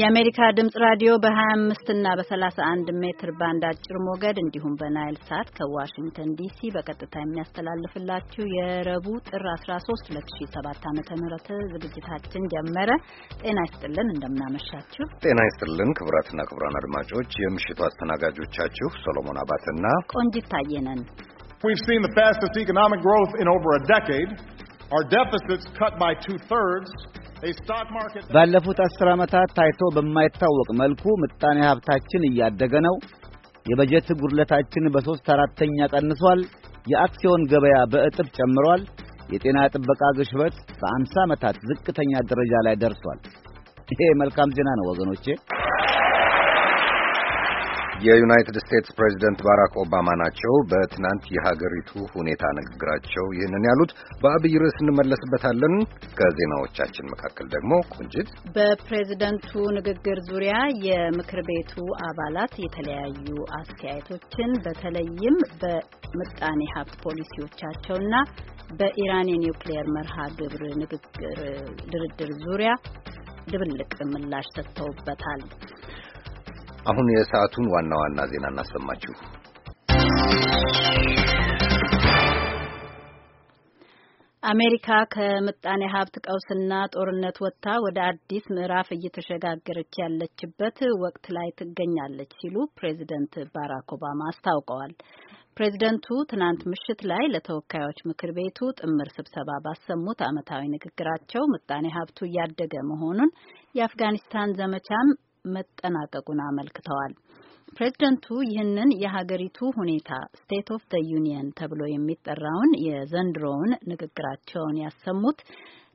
የአሜሪካ ድምጽ ራዲዮ በ25 እና በ31 ሜትር ባንድ አጭር ሞገድ እንዲሁም በናይል ሳት ከዋሽንግተን ዲሲ በቀጥታ የሚያስተላልፍላችሁ የረቡዕ ጥር 13 2007 ዓ.ም ዝግጅታችን ጀመረ። ጤና ይስጥልን፣ እንደምናመሻችሁ። ጤና ይስጥልን ክቡራትና ክቡራን አድማጮች የምሽቱ አስተናጋጆቻችሁ ሶሎሞን አባትና ቆንጂት ታየነን። We've seen the fastest economic growth in over a decade. Our deficits cut by two-thirds. ባለፉት አስር ዓመታት ታይቶ በማይታወቅ መልኩ ምጣኔ ሀብታችን እያደገ ነው። የበጀት ጉድለታችን በሦስት አራተኛ ቀንሷል። የአክሲዮን ገበያ በእጥፍ ጨምሯል። የጤና ጥበቃ ግሽበት በአምሳ ዓመታት ዝቅተኛ ደረጃ ላይ ደርሷል። ይሄ መልካም ዜና ነው ወገኖቼ። የዩናይትድ ስቴትስ ፕሬዚደንት ባራክ ኦባማ ናቸው። በትናንት የሀገሪቱ ሁኔታ ንግግራቸው ይህንን ያሉት። በአብይ ርዕስ እንመለስበታለን። ከዜናዎቻችን መካከል ደግሞ ቁንጅት በፕሬዚደንቱ ንግግር ዙሪያ የምክር ቤቱ አባላት የተለያዩ አስተያየቶችን በተለይም በምጣኔ ሀብት ፖሊሲዎቻቸውና በኢራን የኒውክሌየር መርሃ ግብር ንግግር ድርድር ዙሪያ ድብልቅ ምላሽ ሰጥተውበታል። አሁን የሰዓቱን ዋና ዋና ዜና እናሰማችሁ። አሜሪካ ከምጣኔ ሀብት ቀውስና ጦርነት ወጥታ ወደ አዲስ ምዕራፍ እየተሸጋገረች ያለችበት ወቅት ላይ ትገኛለች ሲሉ ፕሬዚደንት ባራክ ኦባማ አስታውቀዋል። ፕሬዚደንቱ ትናንት ምሽት ላይ ለተወካዮች ምክር ቤቱ ጥምር ስብሰባ ባሰሙት ዓመታዊ ንግግራቸው ምጣኔ ሀብቱ እያደገ መሆኑን የአፍጋኒስታን ዘመቻም መጠናቀቁን አመልክተዋል። ፕሬዝደንቱ ይህንን የሀገሪቱ ሁኔታ ስቴት ኦፍ ደ ዩኒየን ተብሎ የሚጠራውን የዘንድሮውን ንግግራቸውን ያሰሙት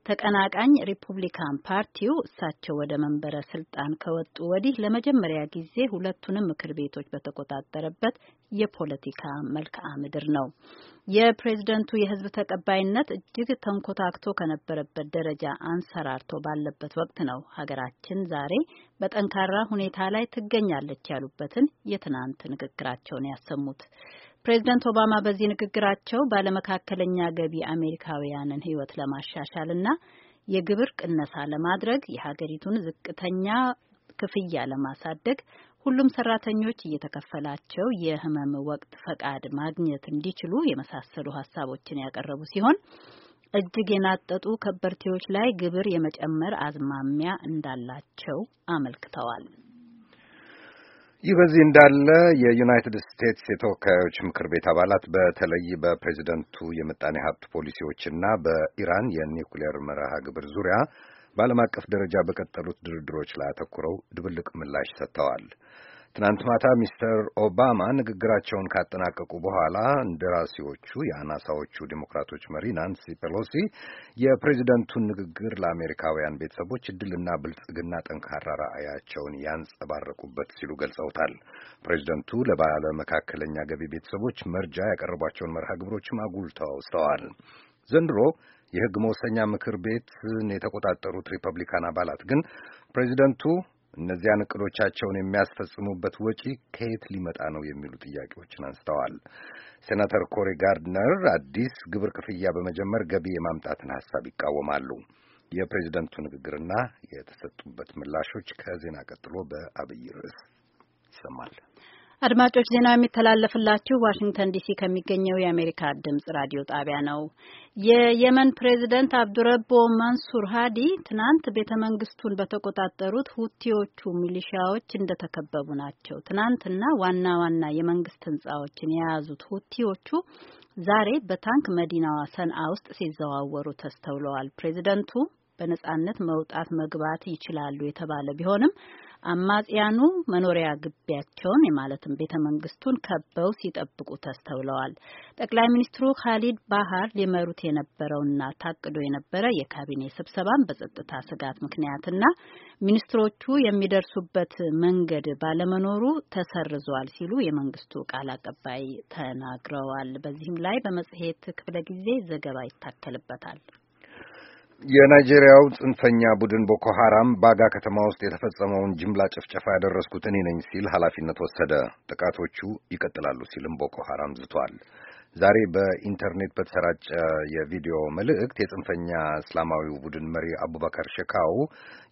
ተቀናቃኝ ሪፑብሊካን ፓርቲው እሳቸው ወደ መንበረ ስልጣን ከወጡ ወዲህ ለመጀመሪያ ጊዜ ሁለቱንም ምክር ቤቶች በተቆጣጠረበት የፖለቲካ መልክዓ ምድር ነው። የፕሬዝደንቱ የህዝብ ተቀባይነት እጅግ ተንኮታክቶ ከነበረበት ደረጃ አንሰራርቶ ባለበት ወቅት ነው ሀገራችን ዛሬ በጠንካራ ሁኔታ ላይ ትገኛለች ያሉበትን የትናንት ንግግራቸውን ያሰሙት። ፕሬዚደንት ኦባማ በዚህ ንግግራቸው ባለመካከለኛ ገቢ አሜሪካውያንን ሕይወት ለማሻሻል ና የግብር ቅነሳ ለማድረግ የሀገሪቱን ዝቅተኛ ክፍያ ለማሳደግ ሁሉም ሰራተኞች እየተከፈላቸው የህመም ወቅት ፈቃድ ማግኘት እንዲችሉ የመሳሰሉ ሀሳቦችን ያቀረቡ ሲሆን እጅግ የናጠጡ ከበርቴዎች ላይ ግብር የመጨመር አዝማሚያ እንዳላቸው አመልክተዋል። ይህ በዚህ እንዳለ የዩናይትድ ስቴትስ የተወካዮች ምክር ቤት አባላት በተለይ በፕሬዚደንቱ የምጣኔ ሀብት ፖሊሲዎችና በኢራን የኒውክሌር መርሃ ግብር ዙሪያ በዓለም አቀፍ ደረጃ በቀጠሉት ድርድሮች ላይ አተኩረው ድብልቅ ምላሽ ሰጥተዋል። ትናንት ማታ ሚስተር ኦባማ ንግግራቸውን ካጠናቀቁ በኋላ እንደራሴዎቹ የአናሳዎቹ ዲሞክራቶች መሪ ናንሲ ፔሎሲ የፕሬዚደንቱን ንግግር ለአሜሪካውያን ቤተሰቦች እድልና ብልጽግና ጠንካራ ራዕያቸውን ያንጸባረቁበት ሲሉ ገልጸውታል። ፕሬዚደንቱ ለባለ መካከለኛ ገቢ ቤተሰቦች መርጃ ያቀረቧቸውን መርሃ ግብሮችም አጉልተው አውስተዋል። ዘንድሮ የሕግ መወሰኛ ምክር ቤትን የተቆጣጠሩት ሪፐብሊካን አባላት ግን ፕሬዚደንቱ እነዚያን እቅዶቻቸውን የሚያስፈጽሙበት ወጪ ከየት ሊመጣ ነው የሚሉ ጥያቄዎችን አንስተዋል። ሴናተር ኮሪ ጋርድነር አዲስ ግብር ክፍያ በመጀመር ገቢ የማምጣትን ሀሳብ ይቃወማሉ። የፕሬዚደንቱ ንግግርና የተሰጡበት ምላሾች ከዜና ቀጥሎ በአብይ ርዕስ ይሰማል። አድማጮች ዜናው የሚተላለፍላችሁ ዋሽንግተን ዲሲ ከሚገኘው የአሜሪካ ድምጽ ራዲዮ ጣቢያ ነው። የየመን ፕሬዚደንት አብዱረቦ መንሱር ሀዲ ትናንት ቤተ መንግስቱን በተቆጣጠሩት ሁቲዎቹ ሚሊሺያዎች እንደተከበቡ ናቸው። ትናንትና ዋና ዋና የመንግስት ህንጻዎችን የያዙት ሁቲዎቹ ዛሬ በታንክ መዲናዋ ሰንአ ውስጥ ሲዘዋወሩ ተስተውለዋል። ፕሬዚደንቱ በነጻነት መውጣት መግባት ይችላሉ የተባለ ቢሆንም አማጽያኑ መኖሪያ ግቢያቸውን የማለትም ቤተ መንግስቱን ከበው ሲጠብቁ ተስተውለዋል። ጠቅላይ ሚኒስትሩ ካሊድ ባህር ሊመሩት የነበረውና ታቅዶ የነበረ የካቢኔ ስብሰባን በጸጥታ ስጋት ምክንያትና ሚኒስትሮቹ የሚደርሱበት መንገድ ባለመኖሩ ተሰርዟል ሲሉ የመንግስቱ ቃል አቀባይ ተናግረዋል። በዚህም ላይ በመጽሔት ክፍለ ጊዜ ዘገባ ይታከልበታል። የናይጄሪያው ጽንፈኛ ቡድን ቦኮ ሐራም ባጋ ከተማ ውስጥ የተፈጸመውን ጅምላ ጭፍጨፋ ያደረስኩት እኔ ነኝ ሲል ኃላፊነት ወሰደ። ጥቃቶቹ ይቀጥላሉ ሲልም ቦኮ ሐራም ዝቷል። ዛሬ በኢንተርኔት በተሰራጨ የቪዲዮ መልእክት የጽንፈኛ እስላማዊው ቡድን መሪ አቡበከር ሽካው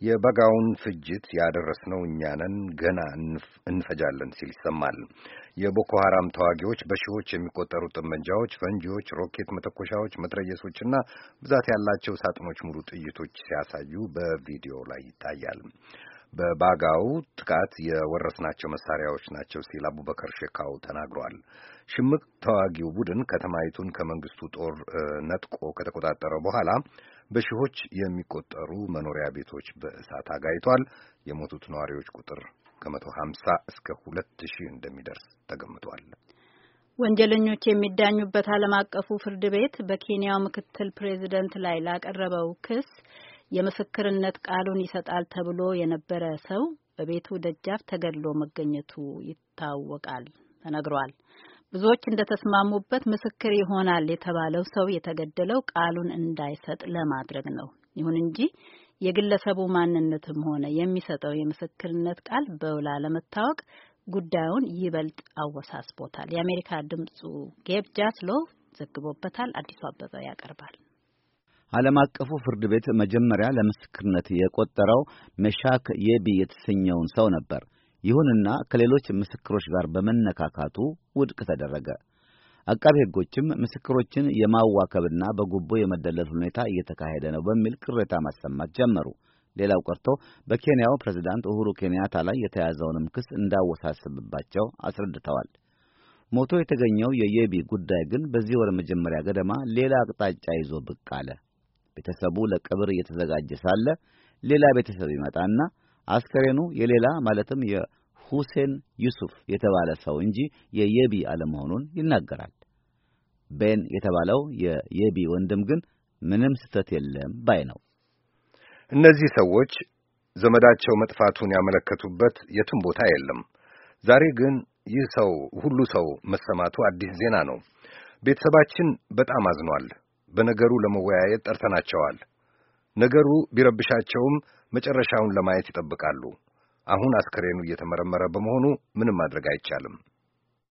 የበጋውን ፍጅት ያደረስነው እኛንን ገና እንፈጃለን ሲል ይሰማል። የቦኮ ሐራም ተዋጊዎች በሺዎች የሚቆጠሩ ጠመንጃዎች፣ ፈንጂዎች፣ ሮኬት መተኮሻዎች፣ መትረየሶችና ብዛት ያላቸው ሳጥኖች ሙሉ ጥይቶች ሲያሳዩ በቪዲዮ ላይ ይታያል። በባጋው ጥቃት የወረስናቸው መሳሪያዎች ናቸው ሲል አቡበከር ሼካው ተናግሯል። ሽምቅ ተዋጊው ቡድን ከተማይቱን ከመንግስቱ ጦር ነጥቆ ከተቆጣጠረ በኋላ በሺዎች የሚቆጠሩ መኖሪያ ቤቶች በእሳት አጋይቷል። የሞቱት ነዋሪዎች ቁጥር ከመቶ ሀምሳ እስከ ሁለት ሺህ እንደሚደርስ ተገምቷል። ወንጀለኞች የሚዳኙበት ዓለም አቀፉ ፍርድ ቤት በኬንያው ምክትል ፕሬዚደንት ላይ ላቀረበው ክስ የምስክርነት ቃሉን ይሰጣል ተብሎ የነበረ ሰው በቤቱ ደጃፍ ተገድሎ መገኘቱ ይታወቃል ተነግሯል። ብዙዎች እንደተስማሙበት ምስክር ይሆናል የተባለው ሰው የተገደለው ቃሉን እንዳይሰጥ ለማድረግ ነው። ይሁን እንጂ የግለሰቡ ማንነትም ሆነ የሚሰጠው የምስክርነት ቃል በውል አለመታወቅ ጉዳዩን ይበልጥ አወሳስቦታል። የአሜሪካ ድምጹ ጌብ ጃስሎ ዘግቦበታል። አዲሱ አበበ ያቀርባል። ዓለም አቀፉ ፍርድ ቤት መጀመሪያ ለምስክርነት የቆጠረው መሻክ የቢ የተሰኘውን ሰው ነበር። ይሁንና ከሌሎች ምስክሮች ጋር በመነካካቱ ውድቅ ተደረገ። አቃቤ ሕጎችም ምስክሮችን የማዋከብና በጉቦ የመደለል ሁኔታ እየተካሄደ ነው በሚል ቅሬታ ማሰማት ጀመሩ። ሌላው ቀርቶ በኬንያው ፕሬዝዳንት ኡሁሩ ኬንያታ ላይ የተያዘውንም ክስ እንዳወሳስብባቸው አስረድተዋል። ሞቶ የተገኘው የየቢ ጉዳይ ግን በዚህ ወር መጀመሪያ ገደማ ሌላ አቅጣጫ ይዞ ብቅ አለ። ቤተሰቡ ለቀብር እየተዘጋጀ ሳለ ሌላ ቤተሰብ ይመጣና አስከሬኑ የሌላ ማለትም የሁሴን ዩሱፍ የተባለ ሰው እንጂ የየቢ አለመሆኑን ይናገራል። ቤን የተባለው የየቢ ወንድም ግን ምንም ስህተት የለም ባይ ነው። እነዚህ ሰዎች ዘመዳቸው መጥፋቱን ያመለከቱበት የትም ቦታ የለም። ዛሬ ግን ይህ ሰው ሁሉ ሰው መሰማቱ አዲስ ዜና ነው። ቤተሰባችን በጣም አዝኗል። በነገሩ ለመወያየት ጠርተናቸዋል። ነገሩ ቢረብሻቸውም መጨረሻውን ለማየት ይጠብቃሉ። አሁን አስከሬኑ እየተመረመረ በመሆኑ ምንም ማድረግ አይቻልም።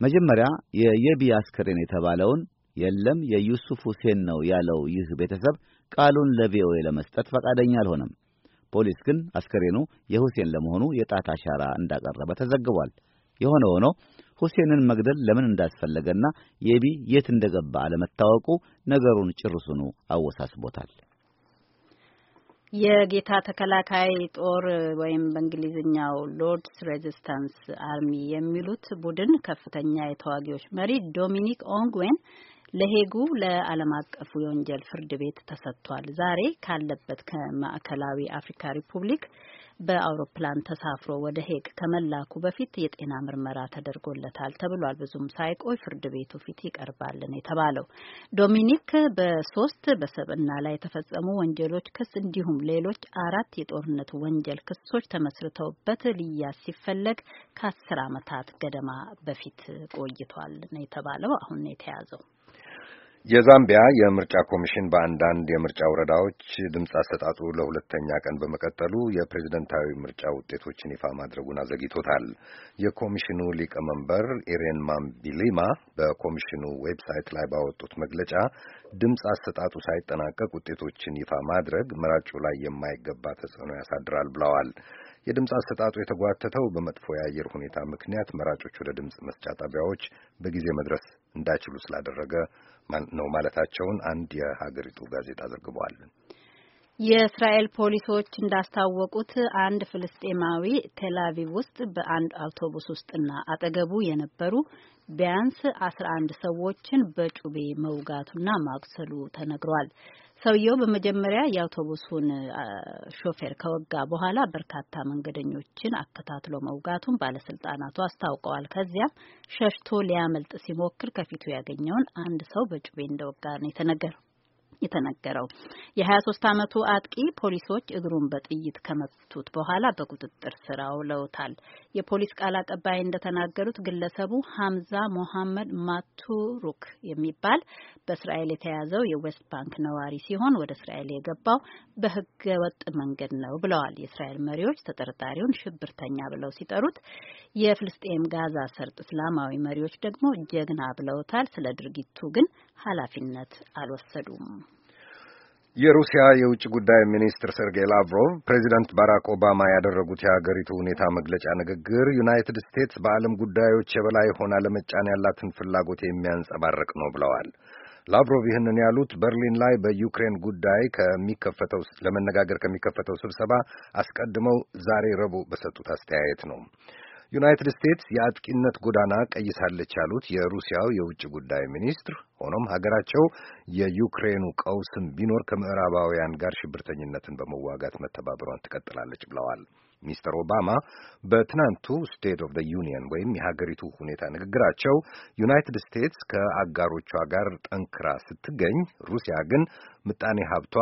መጀመሪያ የየቢ አስከሬን የተባለውን የለም የዩሱፍ ሁሴን ነው ያለው ይህ ቤተሰብ ቃሉን ለቪኦኤ ለመስጠት ፈቃደኛ አልሆነም። ፖሊስ ግን አስከሬኑ የሁሴን ለመሆኑ የጣት አሻራ እንዳቀረበ ተዘግቧል። የሆነ ሆኖ ሁሴንን መግደል ለምን እንዳስፈለገና የቢ የት እንደገባ አለመታወቁ ነገሩን ጭርሱኑ አወሳስቦታል። የጌታ ተከላካይ ጦር ወይም በእንግሊዝኛው ሎርድስ ሬዚስታንስ አርሚ የሚሉት ቡድን ከፍተኛ የተዋጊዎች መሪ ዶሚኒክ ኦንግዌን ለሄጉ ለዓለም አቀፉ የወንጀል ፍርድ ቤት ተሰጥቷል። ዛሬ ካለበት ከማዕከላዊ አፍሪካ ሪፑብሊክ በአውሮፕላን ተሳፍሮ ወደ ሄግ ከመላኩ በፊት የጤና ምርመራ ተደርጎለታል ተብሏል። ብዙም ሳይቆይ ፍርድ ቤቱ ፊት ይቀርባልን የተባለው ዶሚኒክ በሶስት በሰብና ላይ የተፈጸሙ ወንጀሎች ክስ እንዲሁም ሌሎች አራት የጦርነት ወንጀል ክሶች ተመስርተውበት ልያዝ ሲፈለግ ከአስር ዓመታት ገደማ በፊት ቆይቷል ነው የተባለው። አሁን ነው የተያዘው። የዛምቢያ የምርጫ ኮሚሽን በአንዳንድ የምርጫ ወረዳዎች ድምፅ አሰጣጡ ለሁለተኛ ቀን በመቀጠሉ የፕሬዝደንታዊ ምርጫ ውጤቶችን ይፋ ማድረጉን አዘግይቶታል። የኮሚሽኑ ሊቀመንበር ኢሬን ማምቢሊማ በኮሚሽኑ ዌብሳይት ላይ ባወጡት መግለጫ ድምፅ አሰጣጡ ሳይጠናቀቅ ውጤቶችን ይፋ ማድረግ መራጩ ላይ የማይገባ ተጽዕኖ ያሳድራል ብለዋል። የድምፅ አሰጣጡ የተጓተተው በመጥፎ የአየር ሁኔታ ምክንያት መራጮች ወደ ድምፅ መስጫ ጣቢያዎች በጊዜ መድረስ እንዳይችሉ ስላደረገ ነው ማለታቸውን አንድ የሀገሪቱ ጋዜጣ ዘግቧል። የእስራኤል ፖሊሶች እንዳስታወቁት አንድ ፍልስጤማዊ ቴላቪቭ ውስጥ በአንድ አውቶቡስ ውስጥና አጠገቡ የነበሩ ቢያንስ 11 ሰዎችን በጩቤ መውጋቱና ማቁሰሉ ተነግሯል። ሰውየው በመጀመሪያ የአውቶቡሱን ሾፌር ከወጋ በኋላ በርካታ መንገደኞችን አከታትሎ መውጋቱን ባለስልጣናቱ አስታውቀዋል። ከዚያም ሸሽቶ ሊያመልጥ ሲሞክር ከፊቱ ያገኘውን አንድ ሰው በጩቤ እንደወጋ ነው የተነገረው። የተነገረው። የ23 ዓመቱ አጥቂ ፖሊሶች እግሩን በጥይት ከመቱት በኋላ በቁጥጥር ስር አውለውታል። የፖሊስ ቃል አቀባይ እንደተናገሩት ግለሰቡ ሀምዛ ሞሐመድ ማቱሩክ የሚባል በእስራኤል የተያዘው የዌስት ባንክ ነዋሪ ሲሆን ወደ እስራኤል የገባው በህገ ወጥ መንገድ ነው ብለዋል። የእስራኤል መሪዎች ተጠርጣሪውን ሽብርተኛ ብለው ሲጠሩት፣ የፍልስጤም ጋዛ ሰርጥ እስላማዊ መሪዎች ደግሞ ጀግና ብለውታል። ስለ ድርጊቱ ግን ኃላፊነት አልወሰዱም። የሩሲያ የውጭ ጉዳይ ሚኒስትር ሰርጌይ ላቭሮቭ ፕሬዚዳንት ባራክ ኦባማ ያደረጉት የሀገሪቱ ሁኔታ መግለጫ ንግግር ዩናይትድ ስቴትስ በዓለም ጉዳዮች የበላይ ሆና ለመጫን ያላትን ፍላጎት የሚያንጸባርቅ ነው ብለዋል። ላቭሮቭ ይህንን ያሉት በርሊን ላይ በዩክሬን ጉዳይ ከሚከፈተው ለመነጋገር ከሚከፈተው ስብሰባ አስቀድመው ዛሬ ረቡዕ በሰጡት አስተያየት ነው። ዩናይትድ ስቴትስ የአጥቂነት ጎዳና ቀይሳለች ያሉት የሩሲያው የውጭ ጉዳይ ሚኒስትር፣ ሆኖም ሀገራቸው የዩክሬኑ ቀውስም ቢኖር ከምዕራባውያን ጋር ሽብርተኝነትን በመዋጋት መተባበሯን ትቀጥላለች ብለዋል። ሚስተር ኦባማ በትናንቱ ስቴት ኦፍ ዘ ዩኒየን ወይም የሀገሪቱ ሁኔታ ንግግራቸው ዩናይትድ ስቴትስ ከአጋሮቿ ጋር ጠንክራ ስትገኝ፣ ሩሲያ ግን ምጣኔ ሀብቷ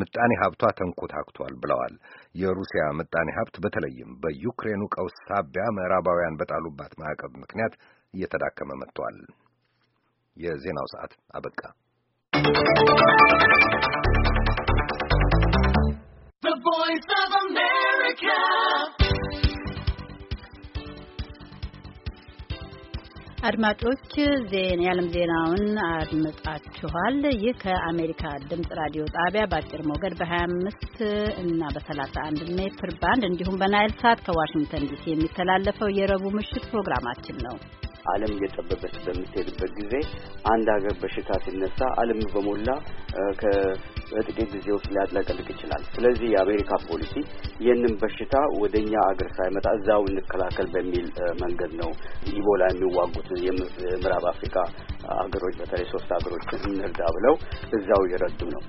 ምጣኔ ሀብቷ ተንኮታክቷል ብለዋል። የሩሲያ ምጣኔ ሀብት በተለይም በዩክሬኑ ቀውስ ሳቢያ ምዕራባውያን በጣሉባት ማዕቀብ ምክንያት እየተዳከመ መጥቷል። የዜናው ሰዓት አበቃ። አድማጮች ዜና የዓለም ዜናውን አድምጣችኋል። ይህ ከአሜሪካ ድምጽ ራዲዮ ጣቢያ በአጭር ሞገድ በ25 እና በ31 ሜትር ባንድ እንዲሁም በናይል ሳት ከዋሽንግተን ዲሲ የሚተላለፈው የረቡዕ ምሽት ፕሮግራማችን ነው። ዓለም እየጠበበት በምትሄድበት ጊዜ አንድ ሀገር በሽታ ሲነሳ ዓለም በሞላ ከጥቂት ጊዜ ውስጥ ሊያጥለቀልቅ ይችላል። ስለዚህ የአሜሪካ ፖሊሲ ይህንን በሽታ ወደ እኛ አገር ሳይመጣ እዛው እንከላከል በሚል መንገድ ነው ኢቦላ የሚዋጉት የምዕራብ አፍሪካ ሀገሮች በተለይ ሶስት ሀገሮችን እንርዳ ብለው እዛው እየረዱ ነው።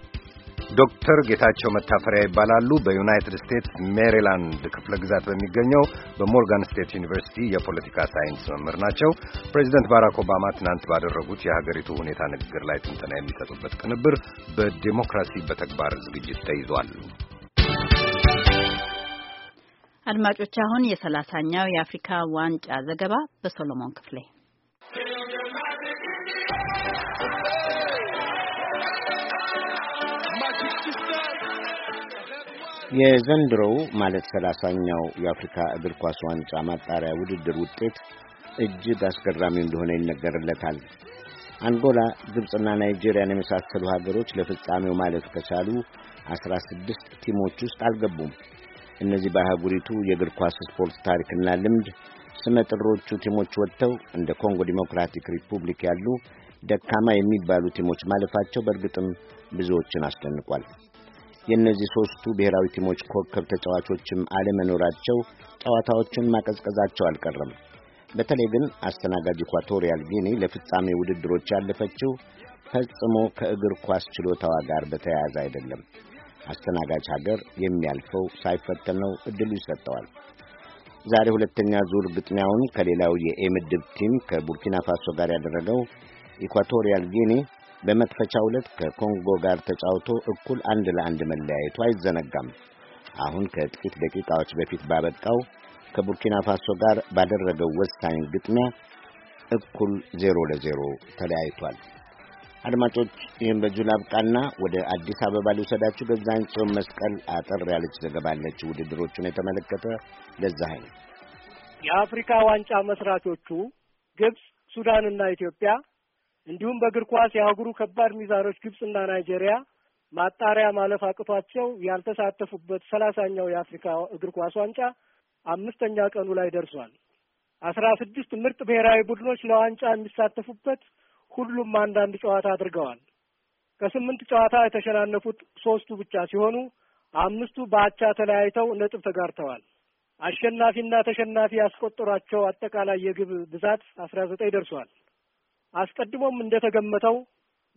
ዶክተር ጌታቸው መታፈሪያ ይባላሉ። በዩናይትድ ስቴትስ ሜሪላንድ ክፍለ ግዛት በሚገኘው በሞርጋን ስቴት ዩኒቨርሲቲ የፖለቲካ ሳይንስ መምህር ናቸው። ፕሬዚደንት ባራክ ኦባማ ትናንት ባደረጉት የሀገሪቱ ሁኔታ ንግግር ላይ ትንተና የሚሰጡበት ቅንብር በዲሞክራሲ በተግባር ዝግጅት ተይዟል። አድማጮች፣ አሁን የሰላሳኛው የአፍሪካ ዋንጫ ዘገባ በሶሎሞን ክፍሌ የዘንድሮው ማለት ሰላሳኛው የአፍሪካ እግር ኳስ ዋንጫ ማጣሪያ ውድድር ውጤት እጅግ አስገራሚ እንደሆነ ይነገርለታል። አንጎላ፣ ግብፅና ናይጄሪያን የመሳሰሉ ሀገሮች ለፍጻሜው ማለፍ ከቻሉ አስራ ስድስት ቲሞች ውስጥ አልገቡም። እነዚህ በአህጉሪቱ የእግር ኳስ ስፖርት ታሪክና ልምድ ጥሮቹ ቲሞች ወጥተው እንደ ኮንጎ ዲሞክራቲክ ሪፑብሊክ ያሉ ደካማ የሚባሉ ቲሞች ማለፋቸው በእርግጥም ብዙዎችን አስደንቋል። የእነዚህ ሦስቱ ብሔራዊ ቲሞች ኮከብ ተጫዋቾችም አለመኖራቸው ጨዋታዎችን ማቀዝቀዛቸው አልቀረም። በተለይ ግን አስተናጋጅ ኢኳቶሪያል ጊኒ ለፍጻሜ ውድድሮች ያለፈችው ፈጽሞ ከእግር ኳስ ችሎታዋ ጋር በተያያዘ አይደለም። አስተናጋጅ ሀገር የሚያልፈው ሳይፈተን ነው፣ ይሰጠዋል። ዛሬ ሁለተኛ ዙር ግጥሚያውን ከሌላው የኤምድብ ቲም ከቡርኪና ፋሶ ጋር ያደረገው ኢኳቶሪያል ጊኒ በመክፈቻው ዕለት ከኮንጎ ጋር ተጫውቶ እኩል አንድ ለአንድ መለያየቱ አይዘነጋም። አሁን ከጥቂት ደቂቃዎች በፊት ባበቃው ከቡርኪና ፋሶ ጋር ባደረገው ወሳኝ ግጥሚያ እኩል ዜሮ ለዜሮ ተለያይቷል። አድማጮች፣ ይህም በዚሁ ላብቃና ወደ አዲስ አበባ ሊውሰዳችሁ ገዛኸኝ ጽዮን መስቀል አጠር ያለች ዘገባለች። ውድድሮቹን የተመለከተ ገዛኸኝ የአፍሪካ ዋንጫ መስራቾቹ ግብፅ፣ ሱዳንና ኢትዮጵያ እንዲሁም በእግር ኳስ የአህጉሩ ከባድ ሚዛኖች ግብጽና ናይጄሪያ ማጣሪያ ማለፍ አቅቷቸው ያልተሳተፉበት ሰላሳኛው የአፍሪካ እግር ኳስ ዋንጫ አምስተኛ ቀኑ ላይ ደርሷል። አስራ ስድስት ምርጥ ብሔራዊ ቡድኖች ለዋንጫ የሚሳተፉበት ሁሉም አንዳንድ ጨዋታ አድርገዋል። ከስምንት ጨዋታ የተሸናነፉት ሶስቱ ብቻ ሲሆኑ አምስቱ በአቻ ተለያይተው ነጥብ ተጋርተዋል። አሸናፊና ተሸናፊ ያስቆጠሯቸው አጠቃላይ የግብ ብዛት አስራ ዘጠኝ ደርሷል። አስቀድሞም እንደተገመተው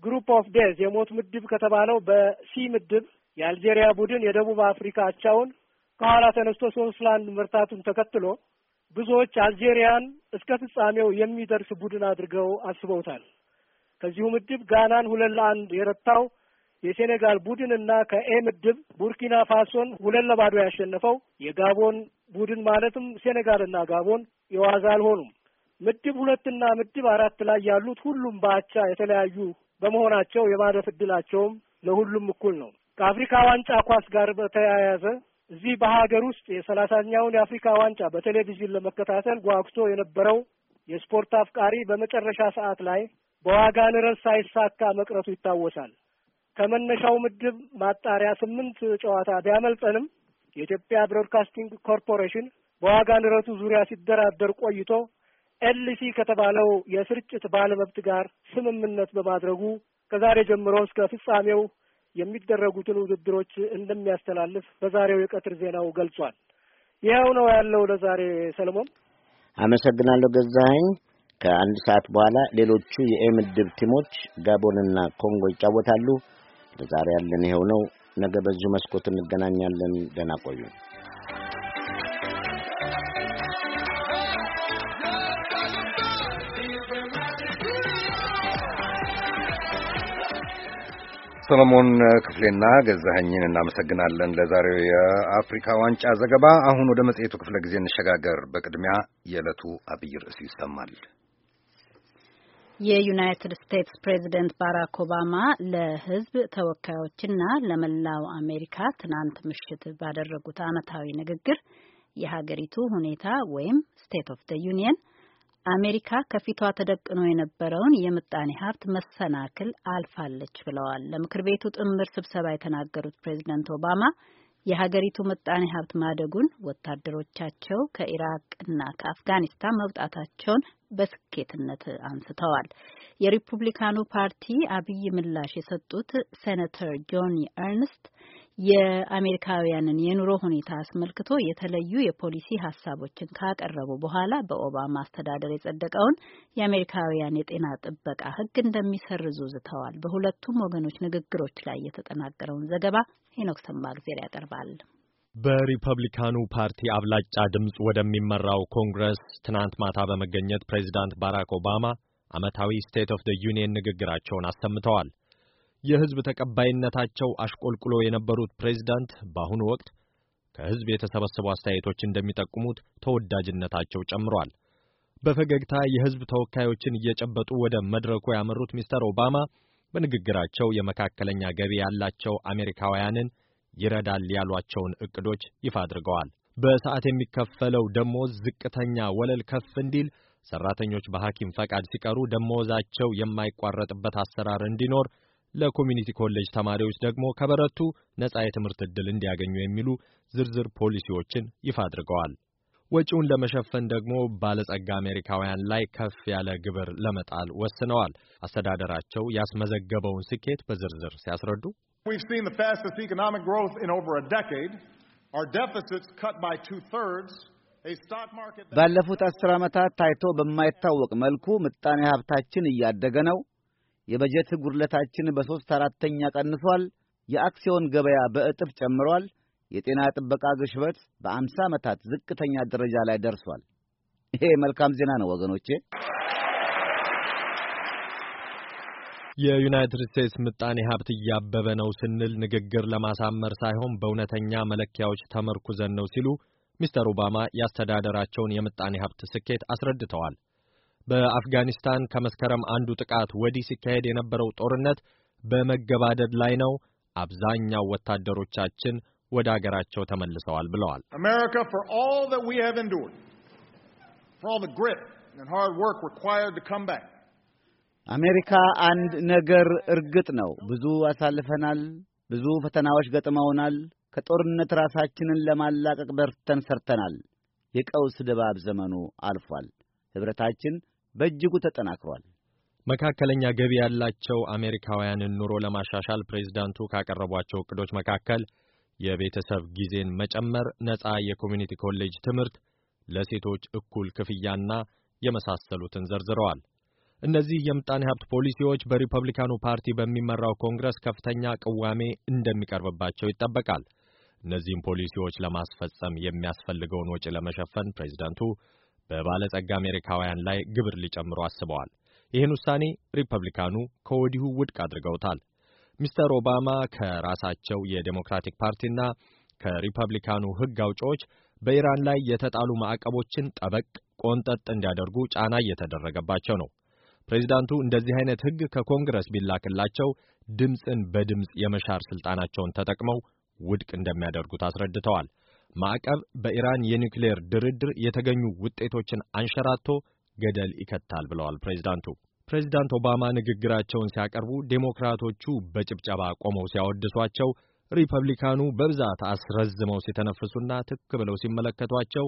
ግሩፕ ኦፍ ዴዝ የሞት ምድብ ከተባለው በሲ ምድብ የአልጄሪያ ቡድን የደቡብ አፍሪካ አቻውን ከኋላ ተነስቶ ሶስት ለአንድ መርታቱን ተከትሎ ብዙዎች አልጄሪያን እስከ ፍጻሜው የሚደርስ ቡድን አድርገው አስበውታል። ከዚሁ ምድብ ጋናን ሁለት ለአንድ የረታው የሴኔጋል ቡድን እና ከኤ ምድብ ቡርኪና ፋሶን ሁለት ለባዶ ያሸነፈው የጋቦን ቡድን ማለትም ሴኔጋልና ጋቦን የዋዛ አልሆኑም። ምድብ ሁለትና ምድብ አራት ላይ ያሉት ሁሉም በአቻ የተለያዩ በመሆናቸው የማለፍ እድላቸውም ለሁሉም እኩል ነው። ከአፍሪካ ዋንጫ ኳስ ጋር በተያያዘ እዚህ በሀገር ውስጥ የሰላሳኛውን የአፍሪካ ዋንጫ በቴሌቪዥን ለመከታተል ጓጉቶ የነበረው የስፖርት አፍቃሪ በመጨረሻ ሰዓት ላይ በዋጋ ንረት ሳይሳካ መቅረቱ ይታወሳል። ከመነሻው ምድብ ማጣሪያ ስምንት ጨዋታ ቢያመልጠንም የኢትዮጵያ ብሮድካስቲንግ ኮርፖሬሽን በዋጋ ንረቱ ዙሪያ ሲደራደር ቆይቶ ኤልሲ ከተባለው የስርጭት ባለመብት ጋር ስምምነት በማድረጉ ከዛሬ ጀምሮ እስከ ፍጻሜው የሚደረጉትን ውድድሮች እንደሚያስተላልፍ በዛሬው የቀትር ዜናው ገልጿል። ይኸው ነው ያለው ለዛሬ ሰለሞን። አመሰግናለሁ ገዛኸኝ። ከአንድ ሰዓት በኋላ ሌሎቹ የኤ ምድብ ቲሞች ጋቦንና ኮንጎ ይጫወታሉ። ለዛሬ ያለን ይኸው ነው። ነገ በዚሁ መስኮት እንገናኛለን። ደህና ቆዩ። ሰሎሞን ክፍሌና ገዛኸኝን እናመሰግናለን ለዛሬው የአፍሪካ ዋንጫ ዘገባ። አሁን ወደ መጽሔቱ ክፍለ ጊዜ እንሸጋገር። በቅድሚያ የዕለቱ አብይ ርዕስ ይሰማል። የዩናይትድ ስቴትስ ፕሬዚደንት ባራክ ኦባማ ለሕዝብ ተወካዮችና ለመላው አሜሪካ ትናንት ምሽት ባደረጉት ዓመታዊ ንግግር የሀገሪቱ ሁኔታ ወይም ስቴት ኦፍ ዩኒየን አሜሪካ ከፊቷ ተደቅኖ የነበረውን የምጣኔ ሀብት መሰናክል አልፋለች ብለዋል። ለምክር ቤቱ ጥምር ስብሰባ የተናገሩት ፕሬዚደንት ኦባማ የሀገሪቱ ምጣኔ ሀብት ማደጉን ወታደሮቻቸው ከኢራቅና ከአፍጋኒስታን መውጣታቸውን በስኬትነት አንስተዋል። የሪፑብሊካኑ ፓርቲ አብይ ምላሽ የሰጡት ሴኔተር ጆኒ ኤርንስት የአሜሪካውያንን የኑሮ ሁኔታ አስመልክቶ የተለዩ የፖሊሲ ሀሳቦችን ካቀረቡ በኋላ በኦባማ አስተዳደር የጸደቀውን የአሜሪካውያን የጤና ጥበቃ ሕግ እንደሚሰርዙ ዝተዋል። በሁለቱም ወገኖች ንግግሮች ላይ የተጠናቀረውን ዘገባ ሄኖክ ሰማግዜር ያቀርባል። በሪፐብሊካኑ ፓርቲ አብላጫ ድምፅ ወደሚመራው ኮንግረስ ትናንት ማታ በመገኘት ፕሬዚዳንት ባራክ ኦባማ ዓመታዊ ስቴት ኦፍ ደ ዩኒየን ንግግራቸውን አሰምተዋል። የህዝብ ተቀባይነታቸው አሽቆልቁሎ የነበሩት ፕሬዚዳንት በአሁኑ ወቅት ከህዝብ የተሰበሰቡ አስተያየቶች እንደሚጠቁሙት ተወዳጅነታቸው ጨምሯል። በፈገግታ የህዝብ ተወካዮችን እየጨበጡ ወደ መድረኩ ያመሩት ሚስተር ኦባማ በንግግራቸው የመካከለኛ ገቢ ያላቸው አሜሪካውያንን ይረዳል ያሏቸውን እቅዶች ይፋ አድርገዋል። በሰዓት የሚከፈለው ደሞዝ ዝቅተኛ ወለል ከፍ እንዲል፣ ሰራተኞች በሐኪም ፈቃድ ሲቀሩ ደሞዛቸው የማይቋረጥበት አሰራር እንዲኖር ለኮሚኒቲ ኮሌጅ ተማሪዎች ደግሞ ከበረቱ ነጻ የትምህርት ዕድል እንዲያገኙ የሚሉ ዝርዝር ፖሊሲዎችን ይፋ አድርገዋል። ወጪውን ለመሸፈን ደግሞ ባለጸጋ አሜሪካውያን ላይ ከፍ ያለ ግብር ለመጣል ወስነዋል። አስተዳደራቸው ያስመዘገበውን ስኬት በዝርዝር ሲያስረዱ ባለፉት አስር ዓመታት ታይቶ በማይታወቅ መልኩ ምጣኔ ሀብታችን እያደገ ነው። የበጀት ጉድለታችን በሦስት አራተኛ ቀንሷል። የአክሲዮን ገበያ በእጥፍ ጨምሯል። የጤና ጥበቃ ግሽበት በአምሳ ዓመታት ዝቅተኛ ደረጃ ላይ ደርሷል። ይሄ መልካም ዜና ነው ወገኖቼ። የዩናይትድ ስቴትስ ምጣኔ ሀብት እያበበ ነው ስንል ንግግር ለማሳመር ሳይሆን በእውነተኛ መለኪያዎች ተመርኩዘን ነው ሲሉ ሚስተር ኦባማ ያስተዳደራቸውን የምጣኔ ሀብት ስኬት አስረድተዋል። በአፍጋኒስታን ከመስከረም አንዱ ጥቃት ወዲህ ሲካሄድ የነበረው ጦርነት በመገባደድ ላይ ነው። አብዛኛው ወታደሮቻችን ወደ አገራቸው ተመልሰዋል ብለዋል። አሜሪካ አንድ ነገር እርግጥ ነው። ብዙ አሳልፈናል። ብዙ ፈተናዎች ገጥመውናል። ከጦርነት ራሳችንን ለማላቀቅ በርተን ሰርተናል። የቀውስ ድባብ ዘመኑ አልፏል። ኅብረታችን በእጅጉ ተጠናክሯል። መካከለኛ ገቢ ያላቸው አሜሪካውያንን ኑሮ ለማሻሻል ፕሬዚዳንቱ ካቀረቧቸው እቅዶች መካከል የቤተሰብ ጊዜን መጨመር፣ ነጻ የኮሚኒቲ ኮሌጅ ትምህርት፣ ለሴቶች እኩል ክፍያና የመሳሰሉትን ዘርዝረዋል። እነዚህ የምጣኔ ሀብት ፖሊሲዎች በሪፐብሊካኑ ፓርቲ በሚመራው ኮንግረስ ከፍተኛ ቅዋሜ እንደሚቀርብባቸው ይጠበቃል። እነዚህም ፖሊሲዎች ለማስፈጸም የሚያስፈልገውን ወጪ ለመሸፈን ፕሬዚዳንቱ በባለጸጋ አሜሪካውያን ላይ ግብር ሊጨምሩ አስበዋል። ይህን ውሳኔ ሪፐብሊካኑ ከወዲሁ ውድቅ አድርገውታል። ሚስተር ኦባማ ከራሳቸው የዴሞክራቲክ ፓርቲና ከሪፐብሊካኑ ሕግ አውጪዎች በኢራን ላይ የተጣሉ ማዕቀቦችን ጠበቅ ቆንጠጥ እንዲያደርጉ ጫና እየተደረገባቸው ነው። ፕሬዚዳንቱ እንደዚህ አይነት ሕግ ከኮንግረስ ቢላክላቸው ድምፅን በድምፅ የመሻር ስልጣናቸውን ተጠቅመው ውድቅ እንደሚያደርጉት አስረድተዋል። ማዕቀብ በኢራን የኒውክሌር ድርድር የተገኙ ውጤቶችን አንሸራቶ ገደል ይከታል ብለዋል ፕሬዚዳንቱ። ፕሬዚዳንት ኦባማ ንግግራቸውን ሲያቀርቡ ዴሞክራቶቹ በጭብጨባ ቆመው ሲያወድሷቸው፣ ሪፐብሊካኑ በብዛት አስረዝመው ሲተነፍሱና ትክ ብለው ሲመለከቷቸው፣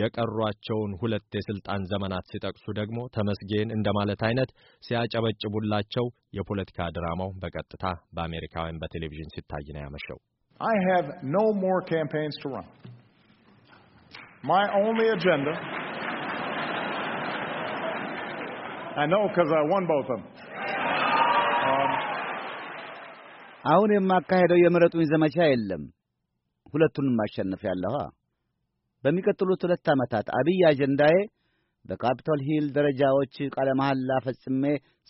የቀሯቸውን ሁለት የሥልጣን ዘመናት ሲጠቅሱ ደግሞ ተመስጌን እንደማለት አይነት ሲያጨበጭቡላቸው የፖለቲካ ድራማው በቀጥታ በአሜሪካውያን በቴሌቪዥን ሲታይ ነው ያመሸው። I have no more campaigns to run. My only agenda, I know because I won both of them. Um, አሁን የማካሄደው የምረጡኝ ዘመቻ የለም። ሁለቱንም አሸንፌያለሁ። በሚቀጥሉት ሁለት ዓመታት አብይ አጀንዳዬ በካፒቶል ሂል ደረጃዎች ቃለ መሐላ ፈጽሜ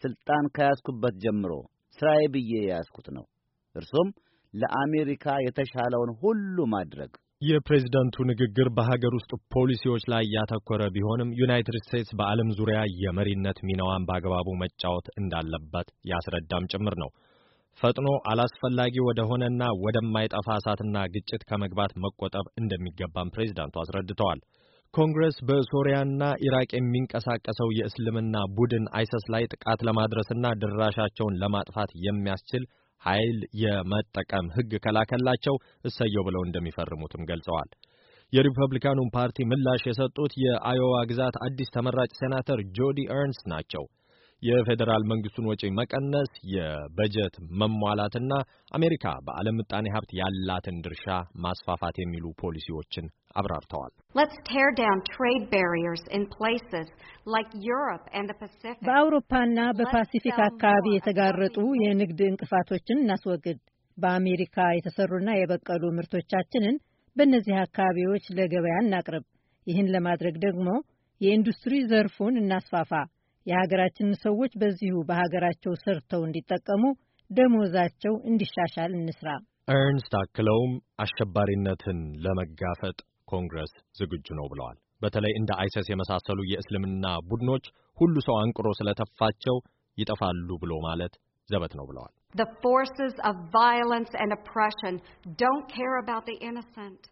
ሥልጣን ከያዝኩበት ጀምሮ ሥራዬ ብዬ የያዝኩት ነው። እርሶም ለአሜሪካ የተሻለውን ሁሉ ማድረግ የፕሬዝደንቱ ንግግር በሀገር ውስጥ ፖሊሲዎች ላይ ያተኮረ ቢሆንም ዩናይትድ ስቴትስ በዓለም ዙሪያ የመሪነት ሚናዋን በአግባቡ መጫወት እንዳለበት ያስረዳም ጭምር ነው። ፈጥኖ አላስፈላጊ ወደ ሆነና ወደማይጠፋ እሳትና ግጭት ከመግባት መቆጠብ እንደሚገባም ፕሬዝዳንቱ አስረድተዋል። ኮንግረስ በሶሪያና ኢራቅ የሚንቀሳቀሰው የእስልምና ቡድን አይሰስ ላይ ጥቃት ለማድረስና ድራሻቸውን ለማጥፋት የሚያስችል ኃይል የመጠቀም ሕግ ከላከላቸው እሰየው ብለው እንደሚፈርሙትም ገልጸዋል። የሪፐብሊካኑን ፓርቲ ምላሽ የሰጡት የአዮዋ ግዛት አዲስ ተመራጭ ሴናተር ጆዲ ኤርንስ ናቸው። የፌዴራል መንግስቱን ወጪ መቀነስ፣ የበጀት መሟላትና አሜሪካ በዓለም ምጣኔ ሀብት ያላትን ድርሻ ማስፋፋት የሚሉ ፖሊሲዎችን አብራርተዋል። በአውሮፓና በፓሲፊክ አካባቢ የተጋረጡ የንግድ እንቅፋቶችን እናስወግድ። በአሜሪካ የተሰሩና የበቀሉ ምርቶቻችንን በእነዚህ አካባቢዎች ለገበያ እናቅርብ። ይህን ለማድረግ ደግሞ የኢንዱስትሪ ዘርፉን እናስፋፋ። የሀገራችንን ሰዎች በዚሁ በሀገራቸው ሰርተው እንዲጠቀሙ ደሞዛቸው እንዲሻሻል እንስራ። ኤርንስት አክለውም አሸባሪነትን ለመጋፈጥ ኮንግረስ ዝግጁ ነው ብለዋል። በተለይ እንደ አይሰስ የመሳሰሉ የእስልምና ቡድኖች ሁሉ ሰው አንቅሮ ስለተፋቸው ይጠፋሉ ብሎ ማለት ዘበት ነው ብለዋል። The forces of violence and oppression don't care about the innocent.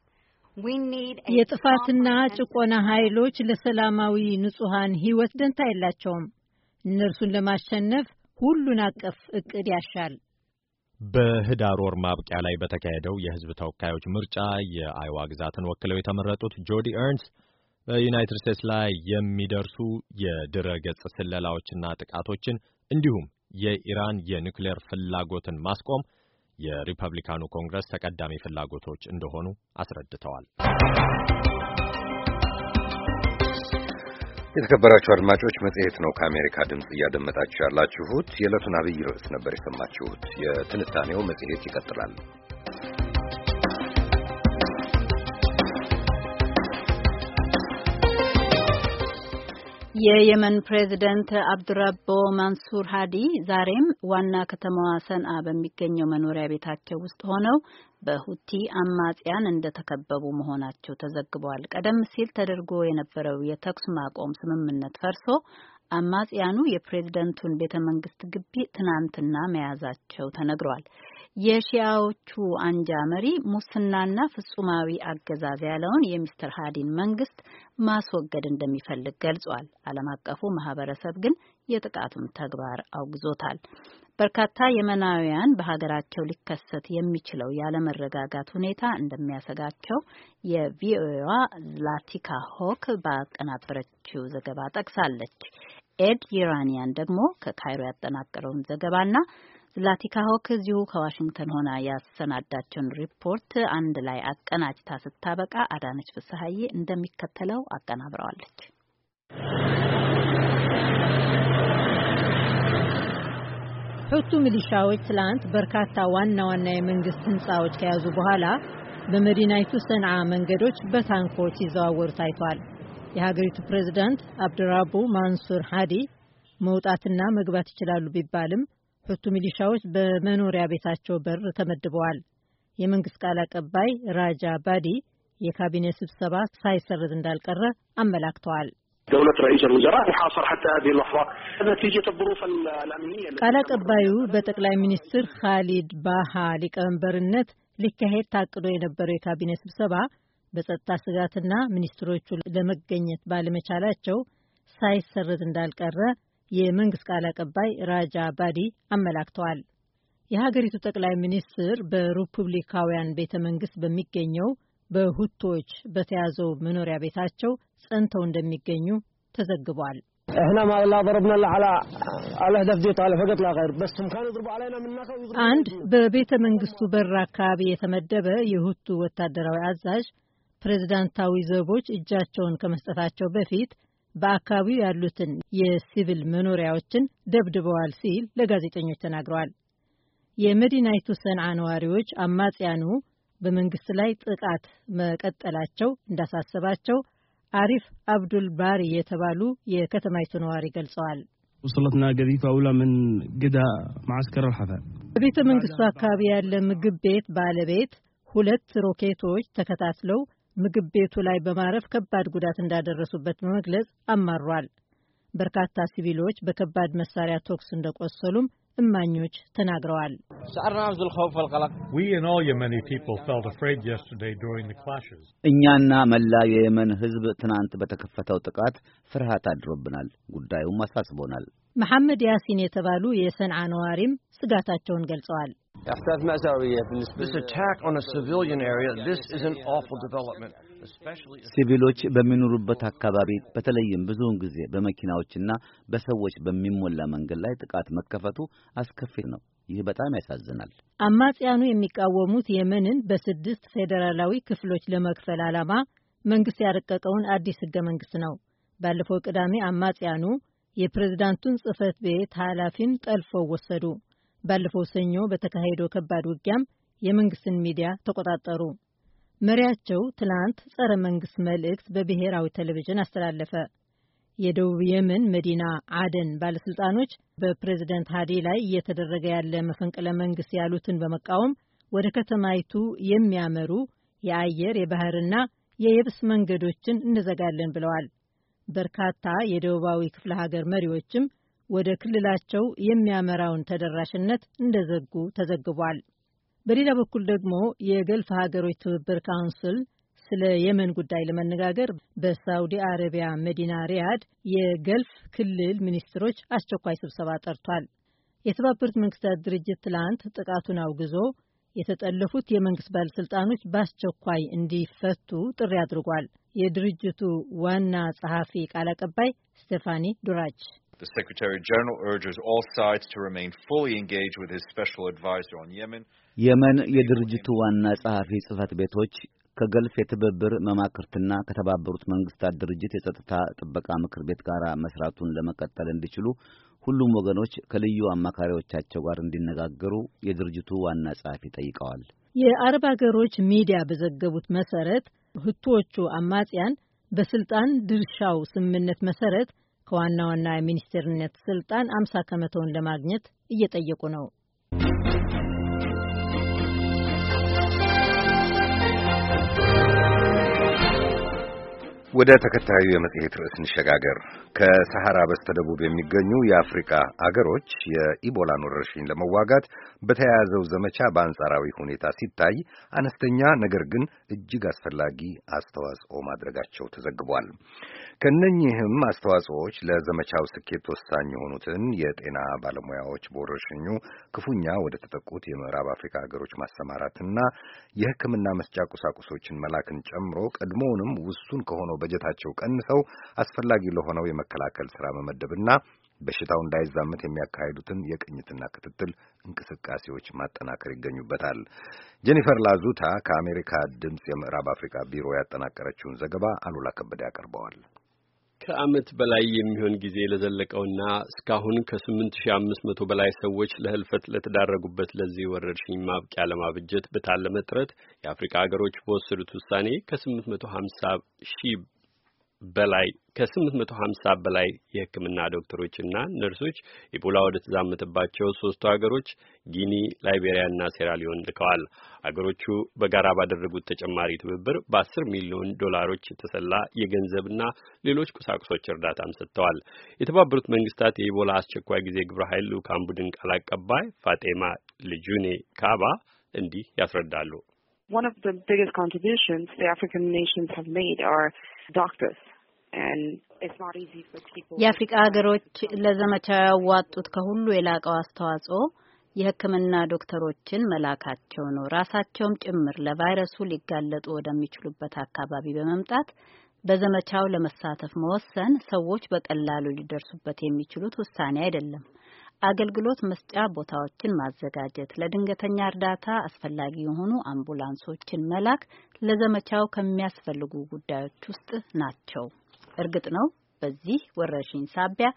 የጥፋትና ጭቆና ኃይሎች ለሰላማዊ ንጹሐን ሕይወት ደንታ የላቸውም። እነርሱን ለማሸነፍ ሁሉን አቀፍ እቅድ ያሻል። በህዳር ወር ማብቂያ ላይ በተካሄደው የህዝብ ተወካዮች ምርጫ የአይዋ ግዛትን ወክለው የተመረጡት ጆዲ ኤርንስ በዩናይትድ ስቴትስ ላይ የሚደርሱ የድረ ገጽ ስለላዎችና ጥቃቶችን እንዲሁም የኢራን የኒውክሌር ፍላጎትን ማስቆም የሪፐብሊካኑ ኮንግረስ ተቀዳሚ ፍላጎቶች እንደሆኑ አስረድተዋል። የተከበራችሁ አድማጮች መጽሔት ነው ከአሜሪካ ድምፅ እያደመጣችሁ ያላችሁት። የዕለቱን አብይ ርዕስ ነበር የሰማችሁት። የትንታኔው መጽሔት ይቀጥላል። የየመን ፕሬዚደንት አብዱራቦ ማንሱር ሀዲ ዛሬም ዋና ከተማዋ ሰንአ በሚገኘው መኖሪያ ቤታቸው ውስጥ ሆነው በሁቲ አማጽያን እንደተከበቡ መሆናቸው ተዘግቧል። ቀደም ሲል ተደርጎ የነበረው የተኩስ ማቆም ስምምነት ፈርሶ አማጽያኑ የፕሬዝደንቱን ቤተ መንግስት ግቢ ትናንትና መያዛቸው ተነግሯል። የሺያዎቹ አንጃ መሪ ሙስናና ፍጹማዊ አገዛዝ ያለውን የሚስተር ሀዲን መንግስት ማስወገድ እንደሚፈልግ ገልጿል። ዓለም አቀፉ ማህበረሰብ ግን የጥቃቱን ተግባር አውግዞታል። በርካታ የመናውያን በሀገራቸው ሊከሰት የሚችለው ያለመረጋጋት ሁኔታ እንደሚያሰጋቸው የቪኦኤዋ ላቲካ ሆክ ባቀናበረችው ዘገባ ጠቅሳለች። ኤድ ኢራኒያን ደግሞ ከካይሮ ያጠናቀረውን ዘገባና ዝላቲካ ሆክ እዚሁ ከዋሽንግተን ሆና ያሰናዳቸውን ሪፖርት አንድ ላይ አቀናጅታ ስታበቃ አዳነች ፍስሀዬ እንደሚከተለው አቀናብረዋለች። ሁቱ ሚሊሻዎች ትላንት በርካታ ዋና ዋና የመንግስት ህንፃዎች ከያዙ በኋላ በመዲናይቱ ሰንዓ መንገዶች በታንኮች ሲዘዋወሩ ታይቷል። የሀገሪቱ ፕሬዝዳንት አብድራቡ ማንሱር ሃዲ መውጣትና መግባት ይችላሉ ቢባልም ሁቱ ሚሊሻዎች በመኖሪያ ቤታቸው በር ተመድበዋል። የመንግስት ቃል አቀባይ ራጃ ባዲ የካቢኔ ስብሰባ ሳይሰረዝ እንዳልቀረ አመላክተዋል። ቃል አቀባዩ በጠቅላይ ሚኒስትር ካሊድ ባሃ ሊቀመንበርነት ሊካሄድ ታቅዶ የነበረው የካቢኔ ስብሰባ በጸጥታ ስጋትና ሚኒስትሮቹ ለመገኘት ባለመቻላቸው ሳይሰረዝ እንዳልቀረ የመንግስት ቃል አቀባይ ራጃ ባዲ አመላክተዋል። የሀገሪቱ ጠቅላይ ሚኒስትር በሪፑብሊካውያን ቤተ መንግስት በሚገኘው በሁቶች በተያዘው መኖሪያ ቤታቸው ጸንተው እንደሚገኙ ተዘግቧል። አንድ በቤተ መንግስቱ በር አካባቢ የተመደበ የሁቱ ወታደራዊ አዛዥ ፕሬዝዳንታዊ ዘቦች እጃቸውን ከመስጠታቸው በፊት በአካባቢው ያሉትን የሲቪል መኖሪያዎችን ደብድበዋል ሲል ለጋዜጠኞች ተናግረዋል። የመዲናይቱ ሰንዓ ነዋሪዎች አማጽያኑ በመንግስት ላይ ጥቃት መቀጠላቸው እንዳሳሰባቸው አሪፍ አብዱል ባሪ የተባሉ የከተማይቱ ነዋሪ ገልጸዋል። ወሰለትና ገዲፋ አውላ ምን ግዳ ማዓስከር አልሐፋ በቤተ መንግስቱ አካባቢ ያለ ምግብ ቤት ባለቤት ሁለት ሮኬቶች ተከታትለው ምግብ ቤቱ ላይ በማረፍ ከባድ ጉዳት እንዳደረሱበት በመግለጽ አማሯል። በርካታ ሲቪሎች በከባድ መሳሪያ ተኩስ እንደቆሰሉም እማኞች ተናግረዋል። እኛና መላ የየመን ሕዝብ ትናንት በተከፈተው ጥቃት ፍርሃት አድሮብናል። ጉዳዩም አሳስቦናል። መሐመድ ያሲን የተባሉ የሰንዓ ነዋሪም ስጋታቸውን ገልጸዋል። ሲቪሎች በሚኖሩበት አካባቢ በተለይም ብዙውን ጊዜ በመኪናዎችና በሰዎች በሚሞላ መንገድ ላይ ጥቃት መከፈቱ አስከፊ ነው። ይህ በጣም ያሳዝናል። አማጽያኑ የሚቃወሙት የመንን በስድስት ፌዴራላዊ ክፍሎች ለመክፈል ዓላማ መንግስት ያረቀቀውን አዲስ ህገ መንግስት ነው። ባለፈው ቅዳሜ አማጽያኑ የፕሬዝዳንቱን ጽህፈት ቤት ኃላፊን ጠልፈው ወሰዱ። ባለፈው ሰኞ በተካሄደው ከባድ ውጊያም የመንግስትን ሚዲያ ተቆጣጠሩ። መሪያቸው ትላንት ጸረ መንግስት መልእክት በብሔራዊ ቴሌቪዥን አስተላለፈ። የደቡብ የመን መዲና አደን ባለስልጣኖች በፕሬዝደንት ሃዲ ላይ እየተደረገ ያለ መፈንቅለ መንግስት ያሉትን በመቃወም ወደ ከተማይቱ የሚያመሩ የአየር የባህርና የየብስ መንገዶችን እንዘጋለን ብለዋል። በርካታ የደቡባዊ ክፍለ ሀገር መሪዎችም ወደ ክልላቸው የሚያመራውን ተደራሽነት እንደዘጉ ተዘግቧል። በሌላ በኩል ደግሞ የገልፍ ሀገሮች ትብብር ካውንስል ስለ የመን ጉዳይ ለመነጋገር በሳውዲ አረቢያ መዲና ሪያድ የገልፍ ክልል ሚኒስትሮች አስቸኳይ ስብሰባ ጠርቷል። የተባበሩት መንግስታት ድርጅት ትላንት ጥቃቱን አውግዞ የተጠለፉት የመንግስት ባለስልጣኖች በአስቸኳይ እንዲፈቱ ጥሪ አድርጓል። የድርጅቱ ዋና ጸሐፊ ቃል አቀባይ ስቴፋኒ ዱራች የመን የድርጅቱ ዋና ጸሐፊ ጽህፈት ቤቶች ከገልፍ የትብብር መማክርትና ከተባበሩት መንግስታት ድርጅት የጸጥታ ጥበቃ ምክር ቤት ጋር መስራቱን ለመቀጠል እንዲችሉ ሁሉም ወገኖች ከልዩ አማካሪዎቻቸው ጋር እንዲነጋገሩ የድርጅቱ ዋና ጸሐፊ ጠይቀዋል። የአረብ አገሮች ሚዲያ በዘገቡት መሰረት ህቶቹ አማጽያን በስልጣን ድርሻው ስምምነት መሰረት ከዋና ዋና የሚኒስትርነት ስልጣን አምሳ ከመቶውን ለማግኘት እየጠየቁ ነው። ወደ ተከታዩ የመጽሔት ርዕስ እንሸጋገር። ከሰሐራ በስተደቡብ የሚገኙ የአፍሪካ አገሮች የኢቦላን ወረርሽኝ ለመዋጋት በተያያዘው ዘመቻ በአንጻራዊ ሁኔታ ሲታይ አነስተኛ ነገር ግን እጅግ አስፈላጊ አስተዋጽኦ ማድረጋቸው ተዘግቧል። ከእነኚህም አስተዋጽኦዎች ለዘመቻው ስኬት ወሳኝ የሆኑትን የጤና ባለሙያዎች በወረርሽኙ ክፉኛ ወደ ተጠቁት የምዕራብ አፍሪካ ሀገሮች ማሰማራትና የሕክምና መስጫ ቁሳቁሶችን መላክን ጨምሮ ቀድሞውንም ውሱን ከሆነው በጀታቸው ቀንሰው አስፈላጊ ለሆነው የመከላከል ስራ መመደብና በሽታው እንዳይዛመት የሚያካሂዱትን የቅኝትና ክትትል እንቅስቃሴዎች ማጠናከር ይገኙበታል። ጄኒፈር ላዙታ ከአሜሪካ ድምፅ የምዕራብ አፍሪካ ቢሮ ያጠናቀረችውን ዘገባ አሉላ ከበደ ያቀርበዋል። ከዓመት በላይ የሚሆን ጊዜ ለዘለቀውና እስካሁን ከ8500 በላይ ሰዎች ለህልፈት ለተዳረጉበት ለዚህ ወረርሽኝ ማብቂያ ለማብጀት በታለመ ጥረት የአፍሪካ ሀገሮች በወሰዱት ውሳኔ ከ850 ሺህ በላይ ከ850 በላይ የሕክምና ዶክተሮችና ነርሶች ኢቦላ ወደ ተዛመተባቸው ሶስቱ ሀገሮች ጊኒ፣ ላይቤሪያና ሴራሊዮን ልከዋል። አገሮቹ በጋራ ባደረጉት ተጨማሪ ትብብር በ10 ሚሊዮን ዶላሮች የተሰላ የገንዘብና ሌሎች ቁሳቁሶች እርዳታም ሰጥተዋል። የተባበሩት መንግስታት የኢቦላ አስቸኳይ ጊዜ ግብረ ኃይል ልዑካን ቡድን ቃል አቀባይ ፋጤማ ልጁኔ ካባ እንዲህ ያስረዳሉ። One of the biggest contributions the African nations have made are doctors. የአፍሪቃ ሀገሮች ለዘመቻው ያዋጡት ከሁሉ የላቀው አስተዋጽኦ የሕክምና ዶክተሮችን መላካቸው ነው። ራሳቸውም ጭምር ለቫይረሱ ሊጋለጡ ወደሚችሉበት አካባቢ በመምጣት በዘመቻው ለመሳተፍ መወሰን ሰዎች በቀላሉ ሊደርሱበት የሚችሉት ውሳኔ አይደለም። አገልግሎት መስጫ ቦታዎችን ማዘጋጀት፣ ለድንገተኛ እርዳታ አስፈላጊ የሆኑ አምቡላንሶችን መላክ ለዘመቻው ከሚያስፈልጉ ጉዳዮች ውስጥ ናቸው። እርግጥ ነው በዚህ ወረርሽኝ ሳቢያ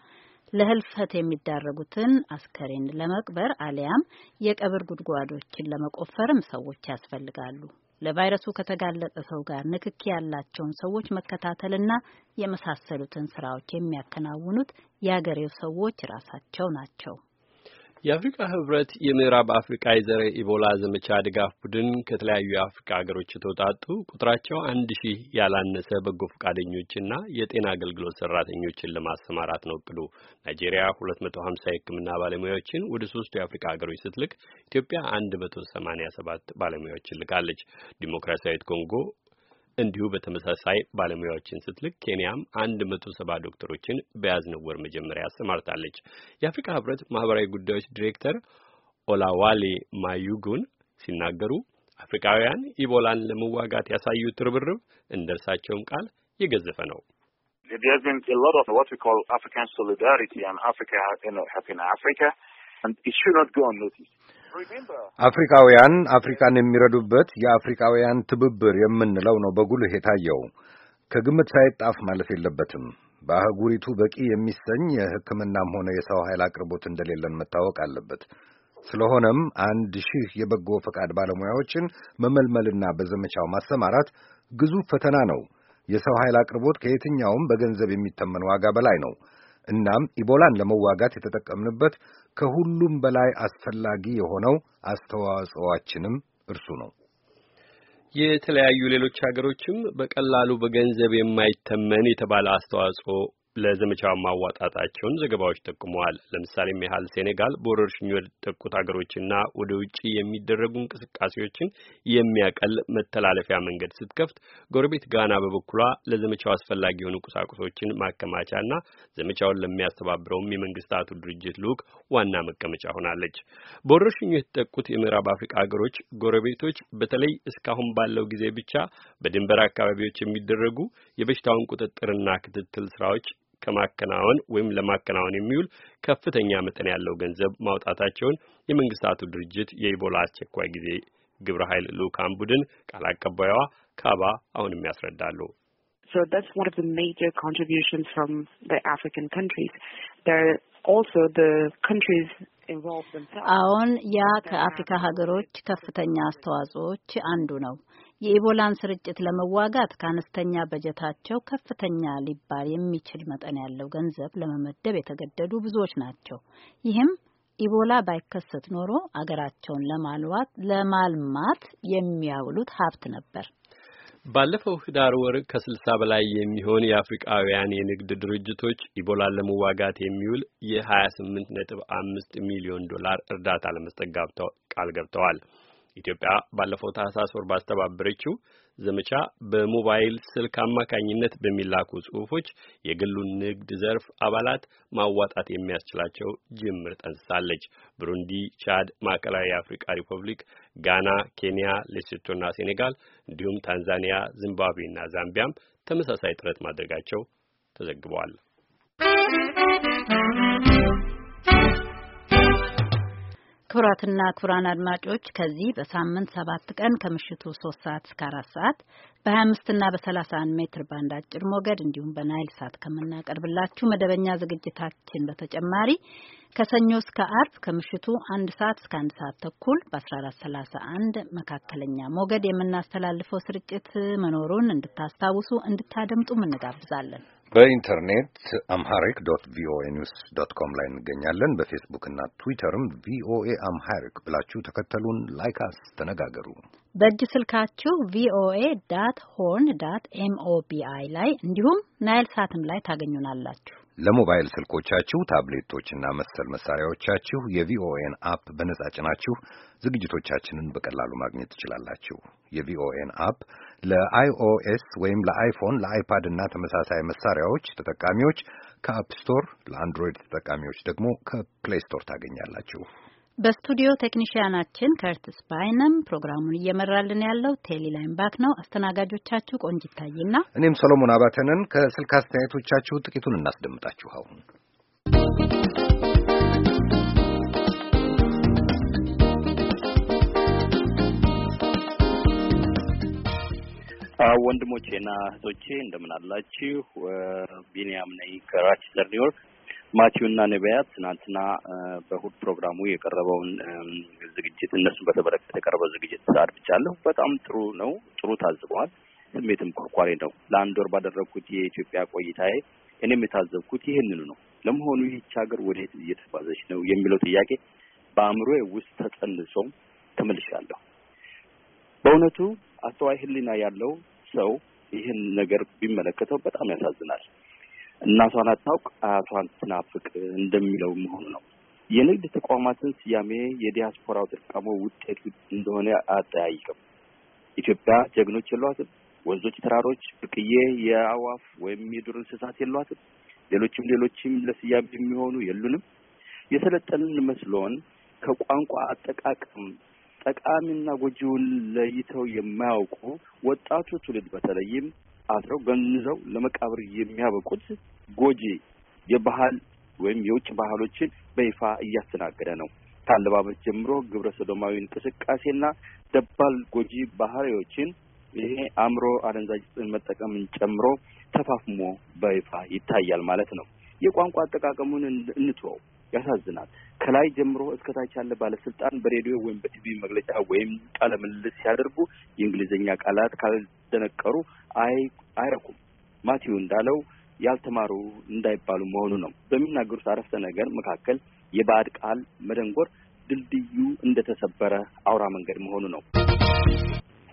ለህልፈት የሚዳረጉትን አስከሬን ለመቅበር አሊያም የቀብር ጉድጓዶችን ለመቆፈርም ሰዎች ያስፈልጋሉ። ለቫይረሱ ከተጋለጠ ሰው ጋር ንክኪ ያላቸውን ሰዎች መከታተልና የመሳሰሉትን ስራዎች የሚያከናውኑት የአገሬው ሰዎች ራሳቸው ናቸው። የአፍሪካ ህብረት የምዕራብ አፍሪካ የዘረ ኢቦላ ዘመቻ ድጋፍ ቡድን ከተለያዩ የአፍሪካ ሀገሮች የተውጣጡ ቁጥራቸው አንድ ሺህ ያላነሰ በጎ ፈቃደኞችና የጤና አገልግሎት ሰራተኞችን ለማሰማራት ነው እቅዱ። ናይጄሪያ ሁለት መቶ ሀምሳ የህክምና ባለሙያዎችን ወደ ሶስቱ የአፍሪካ ሀገሮች ስትልክ ኢትዮጵያ አንድ መቶ ሰማኒያ ሰባት ባለሙያዎችን ልካለች። ዲሞክራሲያዊት ኮንጎ እንዲሁ በተመሳሳይ ባለሙያዎችን ስትልክ ኬንያም አንድ መቶ ሰባ ዶክተሮችን በያዝነው ወር መጀመሪያ አሰማርታለች። የአፍሪካ ህብረት ማህበራዊ ጉዳዮች ዲሬክተር ኦላዋሌ ማዩጉን ሲናገሩ አፍሪካውያን ኢቦላን ለመዋጋት ያሳዩት ርብርብ እንደ እርሳቸውም ቃል የገዘፈ ነው። አፍሪካውያን አፍሪካን የሚረዱበት የአፍሪካውያን ትብብር የምንለው ነው በጉልህ የታየው። ከግምት ሳይጣፍ ማለፍ የለበትም። በአህጉሪቱ በቂ የሚሰኝ የሕክምናም ሆነ የሰው ኃይል አቅርቦት እንደሌለን መታወቅ አለበት። ስለሆነም አንድ ሺህ የበጎ ፈቃድ ባለሙያዎችን መመልመልና በዘመቻው ማሰማራት ግዙፍ ፈተና ነው። የሰው ኃይል አቅርቦት ከየትኛውም በገንዘብ የሚተመን ዋጋ በላይ ነው። እናም ኢቦላን ለመዋጋት የተጠቀምንበት ከሁሉም በላይ አስፈላጊ የሆነው አስተዋጽኦአችንም እርሱ ነው። የተለያዩ ሌሎች ሀገሮችም በቀላሉ በገንዘብ የማይተመን የተባለ አስተዋጽኦ ለዘመቻው ማዋጣታቸውን ዘገባዎች ጠቁመዋል። ለምሳሌም ያህል ሴኔጋል በወረርሽኙ ወደ ተጠቁት ሀገሮችና ወደ ውጭ የሚደረጉ እንቅስቃሴዎችን የሚያቀል መተላለፊያ መንገድ ስትከፍት፣ ጎረቤት ጋና በበኩሏ ለዘመቻው አስፈላጊ የሆኑ ቁሳቁሶችን ማከማቻና ዘመቻውን ለሚያስተባብረውም የመንግስታቱ ድርጅት ልዑክ ዋና መቀመጫ ሆናለች። በወረርሽኙ የተጠቁት የምዕራብ አፍሪካ ሀገሮች ጎረቤቶች በተለይ እስካሁን ባለው ጊዜ ብቻ በድንበር አካባቢዎች የሚደረጉ የበሽታውን ቁጥጥርና ክትትል ስራዎች ከማከናወን ወይም ለማከናወን የሚውል ከፍተኛ መጠን ያለው ገንዘብ ማውጣታቸውን የመንግስታቱ ድርጅት የኢቦላ አስቸኳይ ጊዜ ግብረ ኃይል ልዑካን ቡድን ቃል አቀባዩዋ ካባ አሁንም ያስረዳሉ። So that's one of the major contributions from the African countries. There are also the countries involved themselves. አሁን ያ ከአፍሪካ ሀገሮች ከፍተኛ አስተዋጽኦች አንዱ ነው። የኢቦላን ስርጭት ለመዋጋት ከአነስተኛ በጀታቸው ከፍተኛ ሊባል የሚችል መጠን ያለው ገንዘብ ለመመደብ የተገደዱ ብዙዎች ናቸው። ይህም ኢቦላ ባይከሰት ኖሮ አገራቸውን ለማልዋት ለማልማት የሚያውሉት ሀብት ነበር። ባለፈው ህዳር ወር ከስልሳ በላይ የሚሆን የአፍሪቃውያን የንግድ ድርጅቶች ኢቦላን ለመዋጋት የሚውል የሀያ ስምንት ነጥብ አምስት ሚሊዮን ዶላር እርዳታ ለመስጠት ቃል ገብተዋል። ኢትዮጵያ ባለፈው ታህሳስ ወር ባስተባበረችው ዘመቻ በሞባይል ስልክ አማካኝነት በሚላኩ ጽሁፎች የግሉን ንግድ ዘርፍ አባላት ማዋጣት የሚያስችላቸው ጅምር ጠንስሳለች። ብሩንዲ፣ ቻድ፣ ማዕከላዊ የአፍሪካ ሪፐብሊክ፣ ጋና፣ ኬንያ፣ ሌሴቶና ሴኔጋል እንዲሁም ታንዛኒያ፣ ዚምባብዌና ዛምቢያም ተመሳሳይ ጥረት ማድረጋቸው ተዘግበዋል። ክቡራትና ክቡራን አድማጮች ከዚህ በሳምንት ሰባት ቀን ከምሽቱ ሶስት ሰዓት እስከ አራት ሰዓት በሀያ አምስትና በሰላሳ አንድ ሜትር ባንድ አጭር ሞገድ እንዲሁም በናይል ሳት ከምናቀርብላችሁ መደበኛ ዝግጅታችን በተጨማሪ ከሰኞ እስከ አርብ ከምሽቱ አንድ ሰዓት እስከ አንድ ሰዓት ተኩል በአስራ አራት ሰላሳ አንድ መካከለኛ ሞገድ የምናስተላልፈው ስርጭት መኖሩን እንድታስታውሱ እንድታደምጡም እንጋብዛለን። በኢንተርኔት አምሃሪክ ዶት ቪኦኤ ኒውስ ዶት ኮም ላይ እንገኛለን። በፌስቡክ እና ትዊተርም ቪኦኤ አምሃሪክ ብላችሁ ተከተሉን፣ ላይካስ፣ ተነጋገሩ። በእጅ ስልካችሁ ቪኦኤ ዳት ሆን ዳት ኤምኦቢአይ ላይ እንዲሁም ናይል ሳትም ላይ ታገኙናላችሁ። ለሞባይል ስልኮቻችሁ ታብሌቶችና መሰል መሳሪያዎቻችሁ የቪኦኤን አፕ በነጻ ጭናችሁ ዝግጅቶቻችንን በቀላሉ ማግኘት ትችላላችሁ። የቪኦኤን አፕ ለአይኦኤስ ወይም ለአይፎን፣ ለአይፓድ እና ተመሳሳይ መሳሪያዎች ተጠቃሚዎች ከአፕ ስቶር፣ ለአንድሮይድ ተጠቃሚዎች ደግሞ ከፕሌይ ስቶር ታገኛላችሁ። በስቱዲዮ ቴክኒሽያናችን ከርትስ ባይነም ፕሮግራሙን እየመራልን ያለው ቴሌላይን ባክ ነው። አስተናጋጆቻችሁ ቆንጅ ይታይና እኔም ሰሎሞን አባተንን ከስልክ አስተያየቶቻችሁ ጥቂቱን እናስደምጣችሁ አሁን ወንድሞቼና እህቶቼ እንደምን አላችሁ? ቢኒያም ነኝ ከሮቸስተር ኒውዮርክ። ማቲዩና ነቢያት ትናንትና በእሁድ ፕሮግራሙ የቀረበውን ዝግጅት እነሱን በተመለከተ የቀረበው ዝግጅት አድምጫለሁ። በጣም ጥሩ ነው። ጥሩ ታዝበዋል። ስሜትም ኮርኳሪ ነው። ለአንድ ወር ባደረግኩት የኢትዮጵያ ቆይታዬ እኔም የታዘብኩት ይህንኑ ነው። ለመሆኑ ይህች ሀገር ወዴት እየተጓዘች ነው የሚለው ጥያቄ በአእምሮ ውስጥ ተጸንሶ ተመልሻለሁ። በእውነቱ አስተዋይ ህሊና ያለው ሰው ይህን ነገር ቢመለከተው በጣም ያሳዝናል። እናቷን አታውቅ አያቷን ትናፍቅ እንደሚለው መሆኑ ነው። የንግድ ተቋማትን ስያሜ የዲያስፖራው ተጠቃሞ ውጤቱ እንደሆነ አጠያይቅም። ኢትዮጵያ ጀግኖች የሏትም። ወንዞች፣ ተራሮች፣ ብቅዬ የአዋፍ ወይም የዱር እንስሳት የሏትም። ሌሎችም ሌሎችም ለስያሜ የሚሆኑ የሉንም። የሰለጠንን መስሎን ከቋንቋ አጠቃቀም ጠቃሚና ጎጂውን ለይተው የማያውቁ ወጣቱ ትውልድ በተለይም አስረው ገንዘው ለመቃብር የሚያበቁት ጎጂ የባህል ወይም የውጭ ባህሎችን በይፋ እያስተናገደ ነው። ከአለባበስ ጀምሮ ግብረ ሰዶማዊ እንቅስቃሴና ደባል ጎጂ ባህሪዎችን ይሄ አእምሮ አደንዛዥ ዕፅን መጠቀምን ጨምሮ ተፋፍሞ በይፋ ይታያል ማለት ነው። የቋንቋ አጠቃቀሙን እንትወው ያሳዝናል። ከላይ ጀምሮ እስከታች ያለ ባለስልጣን በሬዲዮ ወይም በቲቪ መግለጫ ወይም ቃለ ምልልስ ሲያደርጉ የእንግሊዝኛ ቃላት ካልደነቀሩ አይ አይረኩም። ማቲው እንዳለው ያልተማሩ እንዳይባሉ መሆኑ ነው። በሚናገሩት አረፍተ ነገር መካከል የባዕድ ቃል መደንጎር ድልድዩ እንደተሰበረ አውራ መንገድ መሆኑ ነው።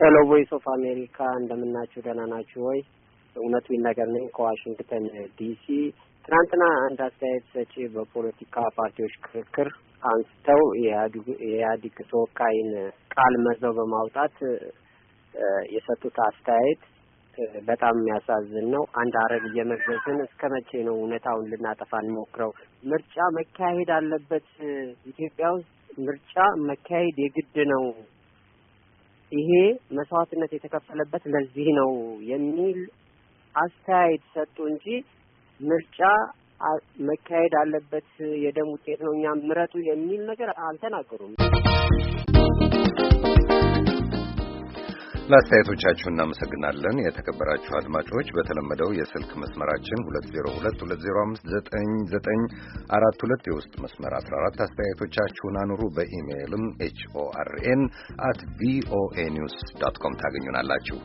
ሄሎ ቮይስ ኦፍ አሜሪካ እንደምናችሁ፣ ደህና ናችሁ ወይ? እውነቱ ይነገር ነኝ ከዋሽንግተን ዲሲ ትናንትና አንድ አስተያየት ሰጪ በፖለቲካ ፓርቲዎች ክርክር አንስተው የኢህአዲግ ተወካይን ቃል መዘው በማውጣት የሰጡት አስተያየት በጣም የሚያሳዝን ነው። አንድ አረግ እየመገዝን እስከ መቼ ነው እውነታውን ልናጠፋ እንሞክረው? ምርጫ መካሄድ አለበት። ኢትዮጵያ ውስጥ ምርጫ መካሄድ የግድ ነው። ይሄ መስዋዕትነት የተከፈለበት ለዚህ ነው የሚል አስተያየት ሰጡ እንጂ ምርጫ መካሄድ አለበት፣ የደም ውጤት ነው፣ እኛ ምረጡ የሚል ነገር አልተናገሩም። ለአስተያየቶቻችሁ እናመሰግናለን። የተከበራችሁ አድማጮች በተለመደው የስልክ መስመራችን 2022059942 የውስጥ መስመር 14 አስተያየቶቻችሁን አኑሩ። በኢሜይልም ኤችኦአርኤን አት ቪኦኤ ኒውስ ዶት ኮም ታገኙናላችሁ።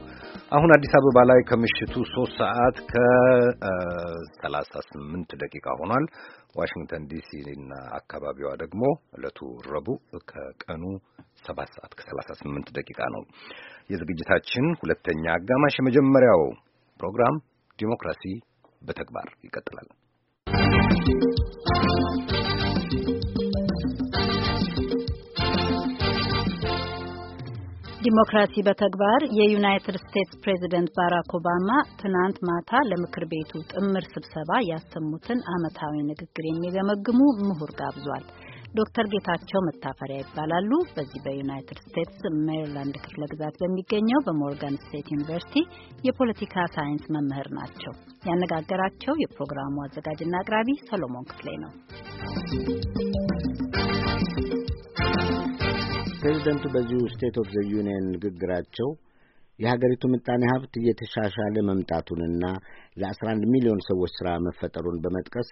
አሁን አዲስ አበባ ላይ ከምሽቱ 3 ሰዓት ከ38 ደቂቃ ሆኗል። ዋሽንግተን ዲሲ እና አካባቢዋ ደግሞ ዕለቱ ረቡዕ ከቀኑ ሰባት ሰዓት ከሰላሳ ስምንት ደቂቃ ነው። የዝግጅታችን ሁለተኛ አጋማሽ የመጀመሪያው ፕሮግራም ዲሞክራሲ በተግባር ይቀጥላል። ዲሞክራሲ በተግባር የዩናይትድ ስቴትስ ፕሬዝደንት ባራክ ኦባማ ትናንት ማታ ለምክር ቤቱ ጥምር ስብሰባ ያሰሙትን ዓመታዊ ንግግር የሚገመግሙ ምሁር ጋብዟል። ዶክተር ጌታቸው መታፈሪያ ይባላሉ። በዚህ በዩናይትድ ስቴትስ ሜሪላንድ ክፍለ ግዛት በሚገኘው በሞርጋን ስቴት ዩኒቨርሲቲ የፖለቲካ ሳይንስ መምህር ናቸው። ያነጋገራቸው የፕሮግራሙ አዘጋጅና አቅራቢ ሰሎሞን ክፍሌ ነው። ፕሬዚደንቱ በዚሁ ስቴት ኦፍ ዘ ዩኒየን ንግግራቸው የሀገሪቱ ምጣኔ ሀብት እየተሻሻለ መምጣቱንና ለ11 ሚሊዮን ሰዎች ሥራ መፈጠሩን በመጥቀስ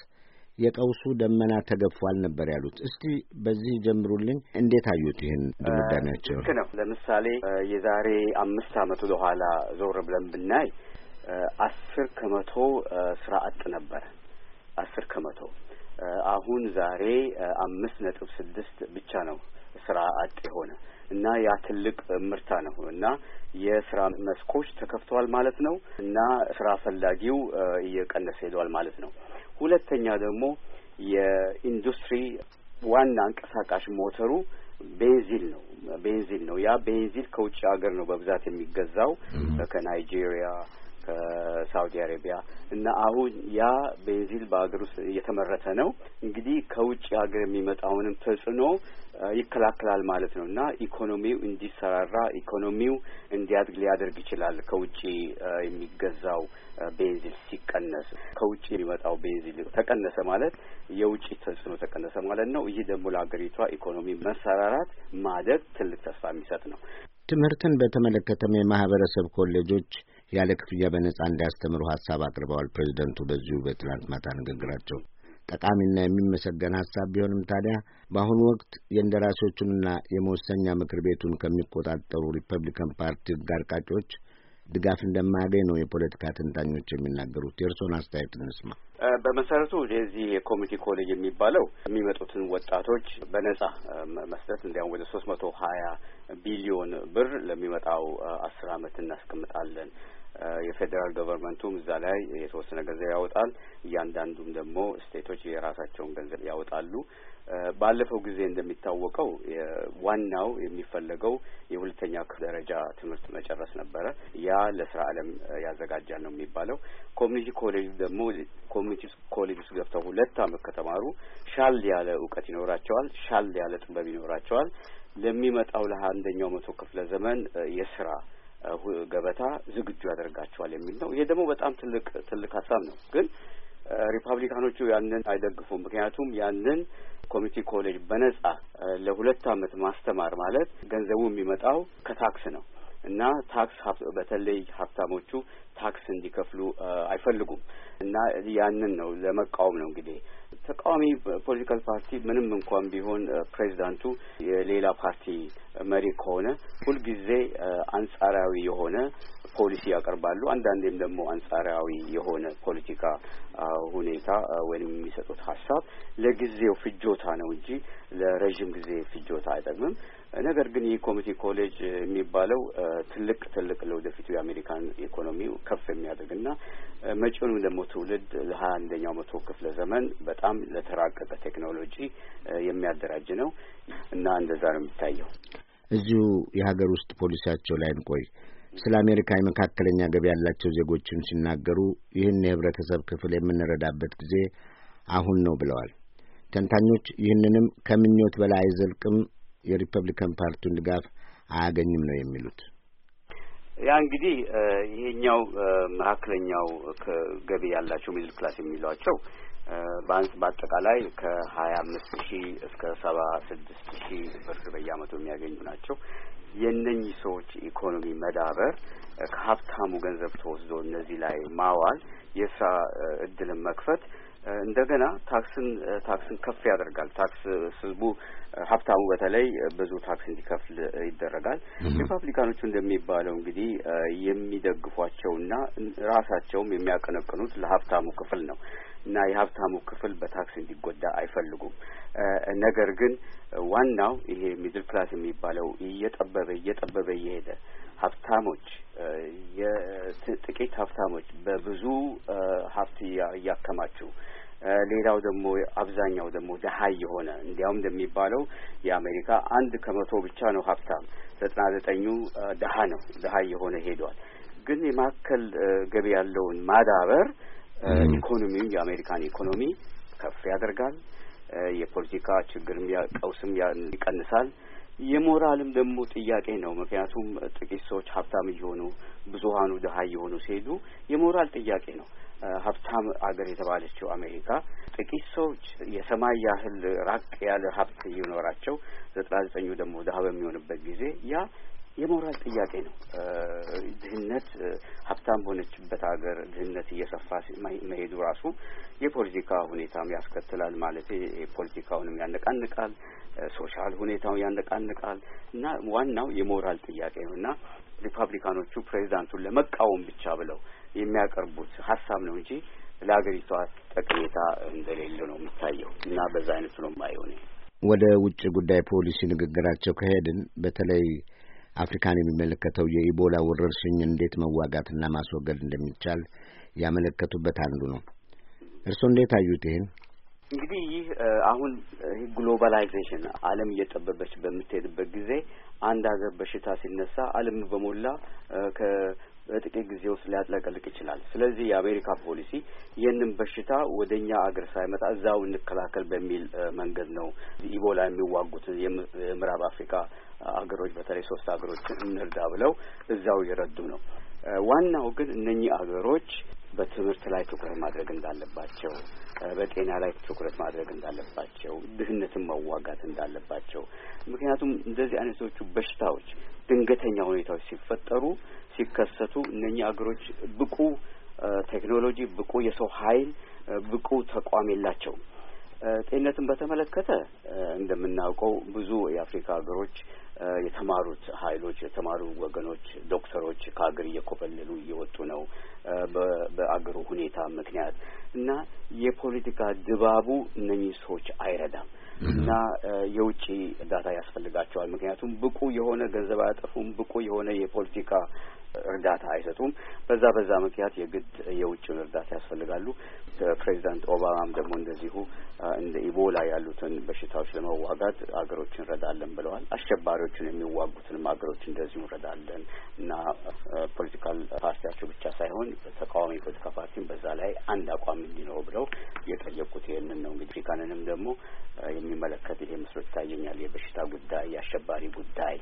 የቀውሱ ደመና ተገፏል ነበር ያሉት። እስቲ በዚህ ጀምሩልኝ። እንዴት አዩት ይህን ድምዳሜ ልክ ነው። ለምሳሌ የዛሬ አምስት ዓመት ወደኋላ ዞር ብለን ብናይ አስር ከመቶ ስራ አጥ ነበረ። አስር ከመቶ አሁን ዛሬ አምስት ነጥብ ስድስት ብቻ ነው ስራ አጥ የሆነ እና ያ ትልቅ ምርታ ነው እና የስራ መስኮች ተከፍተዋል ማለት ነው እና ስራ ፈላጊው እየቀነሰ ሄደዋል ማለት ነው። ሁለተኛ ደግሞ የኢንዱስትሪ ዋና አንቀሳቃሽ ሞተሩ ቤንዚን ነው። ቤንዚን ነው። ያ ቤንዚን ከውጭ ሀገር ነው በብዛት የሚገዛው ከናይጄሪያ ከሳውዲ አረቢያ እና አሁን ያ ቤንዚል በሀገር ውስጥ እየተመረተ ነው። እንግዲህ ከውጭ ሀገር የሚመጣውንም ተጽዕኖ ይከላከላል ማለት ነው እና ኢኮኖሚው እንዲሰራራ ኢኮኖሚው እንዲያድግ ሊያደርግ ይችላል። ከውጭ የሚገዛው ቤንዚል ሲቀነስ ከውጭ የሚመጣው ቤንዚል ተቀነሰ ማለት የውጭ ተጽዕኖ ተቀነሰ ማለት ነው። ይህ ደግሞ ለሀገሪቷ ኢኮኖሚ መሰራራት ማደግ ትልቅ ተስፋ የሚሰጥ ነው። ትምህርትን በተመለከተም የማህበረሰብ ኮሌጆች ያለ ክፍያ በነጻ እንዲያስተምሩ ሀሳብ አቅርበዋል። ፕሬዚደንቱ በዚሁ በትናንት ማታ ንግግራቸው ጠቃሚና የሚመሰገን ሀሳብ ቢሆንም ታዲያ በአሁኑ ወቅት የእንደራሴዎቹንና የመወሰኛ ምክር ቤቱን ከሚቆጣጠሩ ሪፐብሊካን ፓርቲ ጋር ቃጮች ድጋፍ እንደማያገኝ ነው የፖለቲካ ትንታኞች የሚናገሩት። የእርስዎን አስተያየት እንስማ። በመሰረቱ የዚህ የኮሚኒቲ ኮሌጅ የሚባለው የሚመጡትን ወጣቶች በነጻ መስጠት እንዲያውም ወደ ሶስት መቶ ሀያ ቢሊዮን ብር ለሚመጣው አስር አመት እናስቀምጣለን። የፌዴራል ገቨርንመንቱም እዛ ላይ የተወሰነ ገንዘብ ያወጣል። እያንዳንዱም ደግሞ ስቴቶች የራሳቸውን ገንዘብ ያወጣሉ። ባለፈው ጊዜ እንደሚታወቀው ዋናው የሚፈለገው የሁለተኛ ደረጃ ትምህርት መጨረስ ነበረ። ያ ለስራ ዓለም ያዘጋጃል ነው የሚባለው። ኮሚኒቲ ኮሌጅ ደግሞ ኮሚኒቲ ኮሌጅ ውስጥ ገብተው ሁለት አመት ከተማሩ ሻል ያለ እውቀት ይኖራቸዋል፣ ሻል ያለ ጥበብ ይኖራቸዋል። ለሚመጣው ለሀያ አንደኛው መቶ ክፍለ ዘመን የስራ ገበታ ዝግጁ ያደርጋቸዋል የሚል ነው። ይሄ ደግሞ በጣም ትልቅ ትልቅ ሀሳብ ነው። ግን ሪፐብሊካኖቹ ያንን አይደግፉም። ምክንያቱም ያንን ኮሚኒቲ ኮሌጅ በነጻ ለሁለት አመት ማስተማር ማለት ገንዘቡ የሚመጣው ከታክስ ነው እና ታክስ በተለይ ሀብታሞቹ ታክስ እንዲከፍሉ አይፈልጉም እና ያንን ነው ለመቃወም ነው እንግዲህ ተቃዋሚ ፖለቲካል ፓርቲ ምንም እንኳን ቢሆን ፕሬዚዳንቱ የሌላ ፓርቲ መሪ ከሆነ ሁልጊዜ አንጻራዊ የሆነ ፖሊሲ ያቀርባሉ። አንዳንዴም ደግሞ አንጻራዊ የሆነ ፖለቲካ ሁኔታ ወይም የሚሰጡት ሀሳብ ለጊዜው ፍጆታ ነው እንጂ ለረዥም ጊዜ ፍጆታ አይጠቅምም። ነገር ግን ይህ ኮሌጅ የሚባለው ትልቅ ትልቅ ለወደፊቱ የአሜሪካን ኢኮኖሚው ከፍ የሚያደርግና መጪውንም ደግሞ ትውልድ ለሀያ አንደኛው መቶ ክፍለ ዘመን በጣም ለተራቀቀ ቴክኖሎጂ የሚያደራጅ ነው እና እንደዛ ነው የሚታየው። እዚሁ የሀገር ውስጥ ፖሊሲያቸው ላይ እንቆይ። ስለ አሜሪካ የመካከለኛ ገቢ ያላቸው ዜጎችም ሲናገሩ ይህን የህብረተሰብ ክፍል የምንረዳበት ጊዜ አሁን ነው ብለዋል። ተንታኞች ይህንንም ከምኞት በላይ አይዘልቅም የሪፐብሊካን ፓርቲውን ድጋፍ አያገኝም ነው የሚሉት። ያ እንግዲህ ይሄኛው መካከለኛው ገቢ ያላቸው ሚድል ክላስ የሚሏቸው በአጠቃላይ ከሀያ አምስት ሺህ እስከ ሰባ ስድስት ሺህ ብር በየአመቱ የሚያገኙ ናቸው። የእነኚህ ሰዎች ኢኮኖሚ መዳበር ከሀብታሙ ገንዘብ ተወስዶ እነዚህ ላይ ማዋል የስራ እድልን መክፈት እንደገና ታክስን ታክስን ከፍ ያደርጋል። ታክስ ህዝቡ ሀብታሙ በተለይ ብዙ ታክስ እንዲከፍል ይደረጋል። ሪፐብሊካኖቹ እንደሚባለው እንግዲህ የሚደግፏቸውና ራሳቸውም የሚያቀነቅኑት ለሀብታሙ ክፍል ነው እና የሀብታሙ ክፍል በታክስ እንዲጎዳ አይፈልጉም። ነገር ግን ዋናው ይሄ ሚድል ክላስ የሚባለው እየጠበበ እየጠበበ እየሄደ ሀብታሞች የጥቂት ሀብታሞች በብዙ ሀብት እያከማችሁ ሌላው ደግሞ አብዛኛው ደግሞ ደሀይ የሆነ እንዲያውም እንደሚባለው የአሜሪካ አንድ ከመቶ ብቻ ነው ሀብታም፣ ዘጠና ዘጠኙ ደሀ ነው ደሀይ የሆነ ሄዷል። ግን የማካከል ገቢ ያለውን ማዳበር ኢኮኖሚውን የአሜሪካን ኢኮኖሚ ከፍ ያደርጋል። የፖለቲካ ችግርም ቀውስም ይቀንሳል። የሞራልም ደግሞ ጥያቄ ነው። ምክንያቱም ጥቂት ሰዎች ሀብታም እየሆኑ ብዙሀኑ ድሀ እየሆኑ ሲሄዱ የሞራል ጥያቄ ነው። ሀብታም አገር የተባለችው አሜሪካ ጥቂት ሰዎች የሰማይ ያህል ራቅ ያለ ሀብት እየኖራቸው ዘጠና ዘጠኙ ደግሞ ድሀ በሚሆንበት ጊዜ ያ የሞራል ጥያቄ ነው። ድህነት ሀብታም በሆነችበት ሀገር ድህነት እየሰፋ መሄዱ ራሱ የፖለቲካ ሁኔታም ያስከትላል ማለት ፖለቲካውንም ያነቃንቃል፣ ሶሻል ሁኔታውን ያነቃንቃል እና ዋናው የሞራል ጥያቄ ነው እና ሪፐብሊካኖቹ ፕሬዚዳንቱን ለመቃወም ብቻ ብለው የሚያቀርቡት ሀሳብ ነው እንጂ ለሀገሪቷ ጠቀሜታ እንደሌለ ነው የሚታየው እና በዛ አይነቱ ነው የማየው። ወደ ውጭ ጉዳይ ፖሊሲ ንግግራቸው ከሄድን በተለይ አፍሪካን የሚመለከተው የኢቦላ ወረርሽኝ እንዴት መዋጋትና ማስወገድ እንደሚቻል ያመለከቱበት አንዱ ነው። እርስዎ እንዴት አዩት ይህን? እንግዲህ ይህ አሁን ግሎባላይዜሽን ዓለም እየጠበበች በምትሄድበት ጊዜ አንድ ሀገር በሽታ ሲነሳ ዓለም በሞላ በጥቂት ጊዜ ውስጥ ሊያጥለቀልቅ ይችላል። ስለዚህ የአሜሪካ ፖሊሲ ይህንን በሽታ ወደ እኛ አገር ሳይመጣ እዛው እንከላከል በሚል መንገድ ነው ኢቦላ የሚዋጉት የምዕራብ አፍሪካ አገሮች በተለይ ሶስት አገሮችን እንርዳ ብለው እዛው እየረዱ ነው። ዋናው ግን እነኚህ አገሮች በትምህርት ላይ ትኩረት ማድረግ እንዳለባቸው፣ በጤና ላይ ትኩረት ማድረግ እንዳለባቸው፣ ድህነትን መዋጋት እንዳለባቸው ምክንያቱም እንደዚህ አይነቶቹ በሽታዎች ድንገተኛ ሁኔታዎች ሲፈጠሩ ሲከሰቱ እነኛ አገሮች ብቁ ቴክኖሎጂ፣ ብቁ የሰው ኃይል፣ ብቁ ተቋም የላቸውም። ጤንነትን በተመለከተ እንደምናውቀው ብዙ የአፍሪካ ሀገሮች የተማሩት ኃይሎች የተማሩ ወገኖች ዶክተሮች ከሀገር እየኮበለሉ እየወጡ ነው በአገሩ ሁኔታ ምክንያት እና የፖለቲካ ድባቡ እነኚህ ሰዎች አይረዳም እና የውጭ እርዳታ ያስፈልጋቸዋል። ምክንያቱም ብቁ የሆነ ገንዘብ አያጠፉም፣ ብቁ የሆነ የፖለቲካ እርዳታ አይሰጡም። በዛ በዛ ምክንያት የግድ የውጭውን እርዳታ ያስፈልጋሉ። ፕሬዚዳንት ኦባማም ደግሞ እንደዚሁ እንደ ኢቦላ ያሉትን በሽታዎች ለመዋጋት አገሮችን እንረዳለን ብለዋል። አሸባሪዎችን የሚዋጉትንም አገሮች እንደዚሁ እንረዳለን እና ፖለቲካል ፓርቲያቸው ብቻ ሳይሆን ተቃዋሚ የፖለቲካ ፓርቲም በዛ ላይ አንድ አቋም እንዲኖር ብለው የጠየቁት ይህንን ነው። እንግዲህ አፍሪካንንም ደግሞ የሚመለከት ይሄ መስሎ ይታየኛል የበሽታ ጉዳይ የአሸባሪ ጉዳይ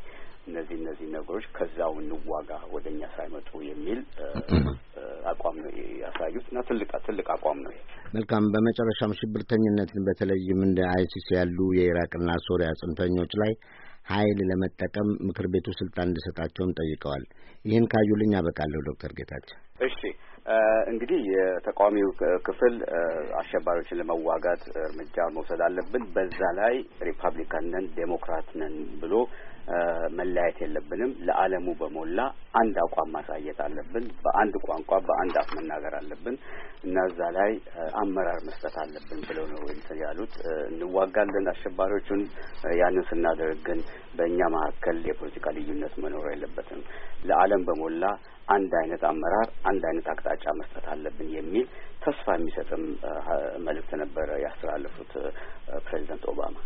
እነዚህ እነዚህ ነገሮች ከዛው እንዋጋ ወደ እኛ ሳይመጡ የሚል አቋም ነው ያሳዩት እና ትልቅ ትልቅ አቋም ነው። መልካም። በመጨረሻም ሽብርተኝነትን በተለይም እንደ አይሲስ ያሉ የኢራቅና ሶሪያ ጽንፈኞች ላይ ኃይል ለመጠቀም ምክር ቤቱ ስልጣን እንዲሰጣቸውም ጠይቀዋል። ይህን ካዩልኝ አበቃለሁ። ዶክተር ጌታቸው እሺ። እንግዲህ የተቃዋሚው ክፍል አሸባሪዎችን ለመዋጋት እርምጃ መውሰድ አለብን፣ በዛ ላይ ሪፐብሊካን ነን ዴሞክራት ነን ብሎ መለያየት የለብንም። ለዓለሙ በሞላ አንድ አቋም ማሳየት አለብን። በአንድ ቋንቋ በአንድ አፍ መናገር አለብን እና እዛ ላይ አመራር መስጠት አለብን ብለው ነው እንትን ያሉት። እንዋጋለን አሸባሪዎቹን። ያንን ስናደርግ ግን በእኛ መካከል የፖለቲካ ልዩነት መኖር የለበትም። ለዓለም በሞላ አንድ አይነት አመራር፣ አንድ አይነት አቅጣጫ መስጠት አለብን የሚል ተስፋ የሚሰጥም መልእክት ነበረ ያስተላለፉት ፕሬዚደንት ኦባማ።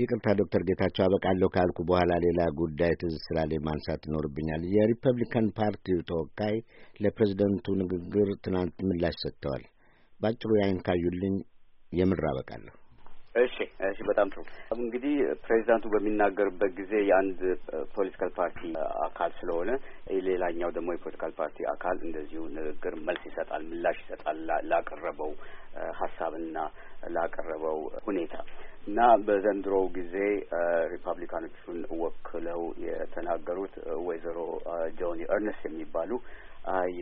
ይቅርታ ዶክተር ጌታቸው አበቃለሁ ካልኩ በኋላ ሌላ ጉዳይ ትዝ ማንሳት ይኖርብኛል። የሪፐብሊካን ፓርቲው ተወካይ ለፕሬዚደንቱ ንግግር ትናንት ምላሽ ሰጥተዋል። ባጭሩ ያይን ካዩልኝ የምር አበቃለሁ። እሺ እሺ፣ በጣም ጥሩ። እንግዲህ ፕሬዚዳንቱ በሚናገሩበት ጊዜ የአንድ ፖለቲካል ፓርቲ አካል ስለሆነ ሌላኛው ደግሞ የፖለቲካል ፓርቲ አካል እንደዚሁ ንግግር መልስ ይሰጣል፣ ምላሽ ይሰጣል ላቀረበው ሀሳብና ላቀረበው ሁኔታ እና በዘንድሮው ጊዜ ሪፐብሊካኖቹን ወክለው የተናገሩት ወይዘሮ ጆኒ ኤርነስት የሚባሉ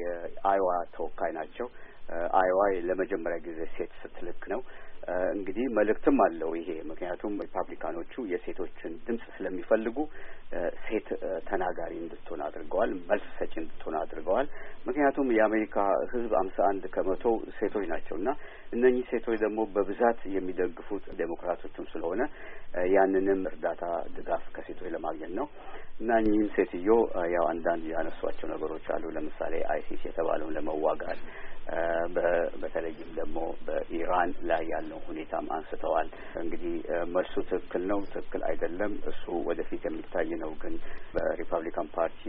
የአይዋ ተወካይ ናቸው። አይዋ ለመጀመሪያ ጊዜ ሴት ስትልክ ነው እንግዲህ መልእክትም አለው ይሄ። ምክንያቱም ሪፓብሊካኖቹ የሴቶችን ድምጽ ስለሚፈልጉ ሴት ተናጋሪ እንድትሆን አድርገዋል፣ መልስ ሰጪ እንድትሆን አድርገዋል። ምክንያቱም የአሜሪካ ሕዝብ አምሳ አንድ ከመቶ ሴቶች ናቸው እና እነኚህ ሴቶች ደግሞ በብዛት የሚደግፉት ዴሞክራቶችም ስለሆነ ያንንም እርዳታ ድጋፍ ከሴቶች ለማግኘት ነው እና እኚህም ሴትዮ ያው አንዳንድ ያነሷቸው ነገሮች አሉ። ለምሳሌ አይሲስ የተባለውን ለመዋጋት በተለይም ደግሞ በኢራን ላይ ያለ ያለው ሁኔታም አንስተዋል። እንግዲህ መልሱ ትክክል ነው፣ ትክክል አይደለም፣ እሱ ወደፊት የሚታይ ነው። ግን በሪፐብሊካን ፓርቲ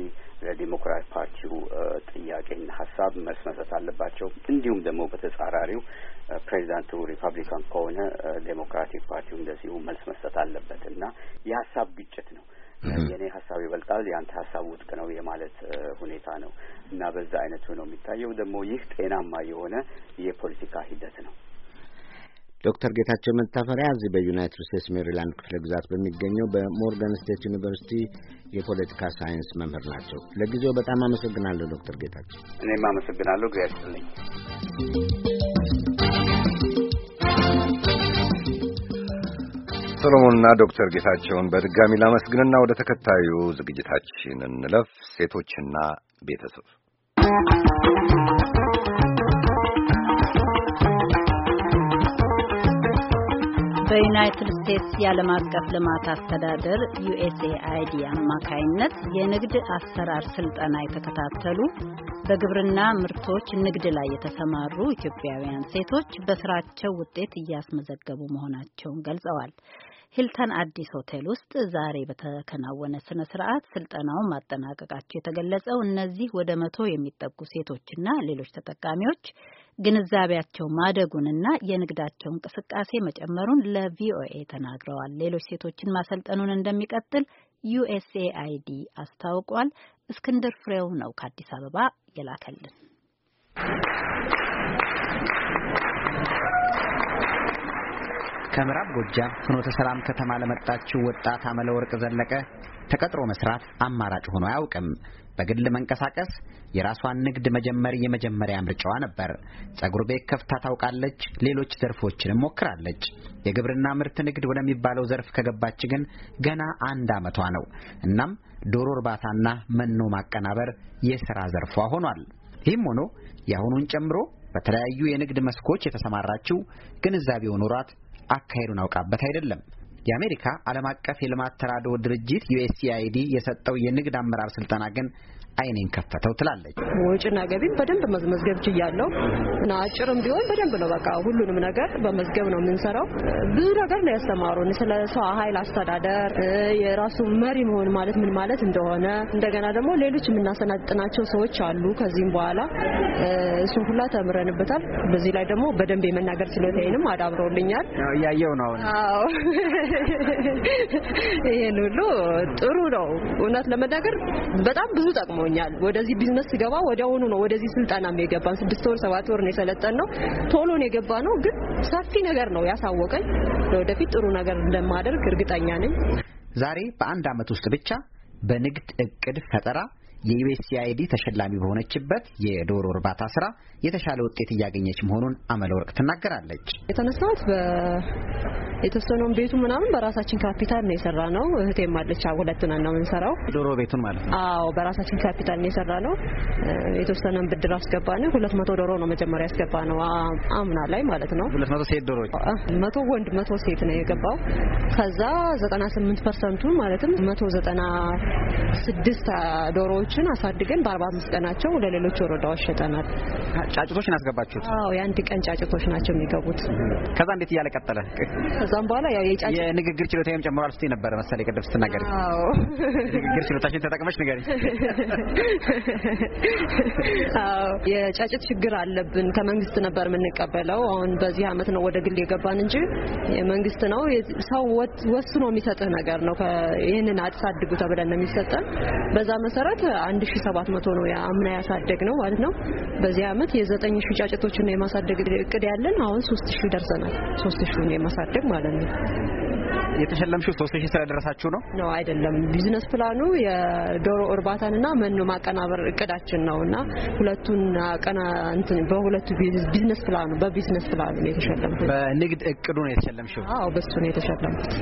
ለዲሞክራት ፓርቲው ጥያቄና ሀሳብ መልስ መስጠት አለባቸው። እንዲሁም ደግሞ በተጻራሪው ፕሬዚዳንቱ ሪፐብሊካን ከሆነ ዴሞክራቲክ ፓርቲው እንደዚሁ መልስ መስጠት አለበት እና የሀሳብ ግጭት ነው። የእኔ ሀሳብ ይበልጣል፣ የአንተ ሀሳብ ውድቅ ነው የማለት ሁኔታ ነው እና በዛ አይነቱ ነው የሚታየው። ደግሞ ይህ ጤናማ የሆነ የፖለቲካ ሂደት ነው። ዶክተር ጌታቸው መታፈሪያ እዚህ በዩናይትድ ስቴትስ ሜሪላንድ ክፍለ ግዛት በሚገኘው በሞርጋን ስቴት ዩኒቨርሲቲ የፖለቲካ ሳይንስ መምህር ናቸው። ለጊዜው በጣም አመሰግናለሁ ዶክተር ጌታቸው። እኔም አመሰግናለሁ። እግዚአብሔር ይስጥልኝ። ሰሎሞንና ዶክተር ጌታቸውን በድጋሚ ላመስግንና ወደ ተከታዩ ዝግጅታችን እንለፍ። ሴቶችና ቤተሰብ በዩናይትድ ስቴትስ የዓለም አቀፍ ልማት አስተዳደር ዩኤስኤአይዲ አማካይነት የንግድ አሰራር ስልጠና የተከታተሉ በግብርና ምርቶች ንግድ ላይ የተሰማሩ ኢትዮጵያውያን ሴቶች በስራቸው ውጤት እያስመዘገቡ መሆናቸውን ገልጸዋል። ሂልተን አዲስ ሆቴል ውስጥ ዛሬ በተከናወነ ስነ ስርዓት ስልጠናውን ማጠናቀቃቸው የተገለጸው እነዚህ ወደ መቶ የሚጠጉ ሴቶችና ሌሎች ተጠቃሚዎች ግንዛቤያቸው ማደጉንና የንግዳቸው እንቅስቃሴ መጨመሩን ለቪኦኤ ተናግረዋል። ሌሎች ሴቶችን ማሰልጠኑን እንደሚቀጥል ዩኤስኤአይዲ አስታውቋል። እስክንድር ፍሬው ነው ከአዲስ አበባ የላከልን። ከምዕራብ ጎጃም ፍኖተ ሰላም ከተማ ለመጣችው ወጣት አመለወርቅ ዘለቀ ተቀጥሮ መስራት አማራጭ ሆኖ አያውቅም። በግል መንቀሳቀስ፣ የራሷን ንግድ መጀመር የመጀመሪያ ምርጫዋ ነበር። ጸጉር ቤት ከፍታ ታውቃለች፣ ሌሎች ዘርፎችንም ሞክራለች። የግብርና ምርት ንግድ ወደሚባለው ዘርፍ ከገባች ግን ገና አንድ ዓመቷ ነው። እናም ዶሮ እርባታና መኖ ማቀናበር የሥራ ዘርፏ ሆኗል። ይህም ሆኖ የአሁኑን ጨምሮ በተለያዩ የንግድ መስኮች የተሰማራችው ግንዛቤው ኖሯት አካሄዱን አውቃበት አይደለም። የአሜሪካ ዓለም አቀፍ የልማት ተራድኦ ድርጅት ዩኤስኤአይዲ የሰጠው የንግድ አመራር ስልጠና ግን አይኔን ከፈተው ትላለች። ወጭና ገቢም በደንብ መዝገብ ችያለሁ እና አጭርም ቢሆን በደንብ ነው። በቃ ሁሉንም ነገር በመዝገብ ነው የምንሰራው። ብዙ ነገር ነው ያስተማሩን ስለ ሰው ኃይል አስተዳደር፣ የራሱ መሪ መሆን ማለት ምን ማለት እንደሆነ እንደገና ደግሞ ሌሎች የምናሰናጥናቸው ሰዎች አሉ። ከዚህም በኋላ እሱን ሁላ ተምረንበታል። በዚህ ላይ ደግሞ በደንብ የመናገር ችሎታዬንም አዳብረውልኛል። እያየው ነው አሁን። አዎ ሁሉ ጥሩ ነው እውነት ለመናገር በጣም ብዙ ጠቅሟል። ጠቅሞኛል። ወደዚህ ቢዝነስ ስገባ ወዲያውኑ ነው ወደዚህ ስልጠና የገባን። ስድስት ወር ሰባት ወር ነው የሰለጠን ነው ቶሎ ነው የገባ ነው። ግን ሰፊ ነገር ነው ያሳወቀኝ። ለወደፊት ጥሩ ነገር እንደማደርግ እርግጠኛ ነኝ። ዛሬ በአንድ አመት ውስጥ ብቻ በንግድ እቅድ ፈጠራ የዩኤስኤአይዲ ተሸላሚ በሆነችበት የዶሮ እርባታ ስራ የተሻለ ውጤት እያገኘች መሆኑን አመለወርቅ ትናገራለች። የተነሳት የተወሰነውን ቤቱ ምናምን በራሳችን ካፒታል ነው የሰራ ነው። እህቴም አለች፣ ሁለት ነን ነው የምንሰራው። ዶሮ ቤቱን ማለት ነው? አዎ፣ በራሳችን ካፒታል ነው የሰራ ነው። የተወሰነን ብድር አስገባን። ሁለት መቶ ዶሮ ነው መጀመሪያ ያስገባ ነው አምና ላይ ማለት ነው። ሁለት መቶ ሴት ዶሮ፣ መቶ ወንድ መቶ ሴት ነው የገባው። ከዛ ዘጠና ስምንት ፐርሰንቱን ማለትም መቶ ዘጠና ስድስት ዶሮዎች ጫጩቶችን አሳድገን በ45 ቀናቸው ለሌሎች ወረዳዎች ሸጠናል። ጫጩቶችን አስገባችሁት? አዎ፣ የአንድ ቀን ጫጩቶች ናቸው የሚገቡት። ከዛ እንዴት እያለ ቀጠለ? ከዛም በኋላ ያው የጫጩት የንግግር ችሎታዬም ጨምሯል ስትይ ነበረ መሰለኝ ቅድም ስትናገር። አዎ፣ ንግግር ችሎታችን ተጠቅመሽ ንገሪ። አዎ፣ ችግር አለብን። ከመንግስት ነበር የምንቀበለው። አሁን በዚህ አመት ነው ወደ ግል የገባን እንጂ መንግስት ነው ሰው ወስኖ የሚሰጥህ ነገር ነው። ይህንን አሳድጉ ተብለን ነው የሚሰጠን። በዛ መሰረት 1700 ነው አምና ያሳደግ ነው ማለት ነው። በዚህ አመት የዘጠኝ ሺህ ጫጭቶችን ነው የማሳደግ እቅድ ያለን። አሁን 3000 ደርሰናል። 3000 የማሳደግ ማለት ነው። የተሸለምሽው 3000 ስለደረሳችሁ ነው? ነው አይደለም። ቢዝነስ ፕላኑ የዶሮ እርባታንና መኖ ማቀናበር እቅዳችን ነውና ሁለቱን አቀና እንትን በሁለቱ ቢዝነስ ፕላኑ በቢዝነስ ፕላኑ ነው የተሸለምኩት። በንግድ እቅዱ ነው የተሸለምሽው? አዎ፣ በሱ ነው የተሸለምኩት።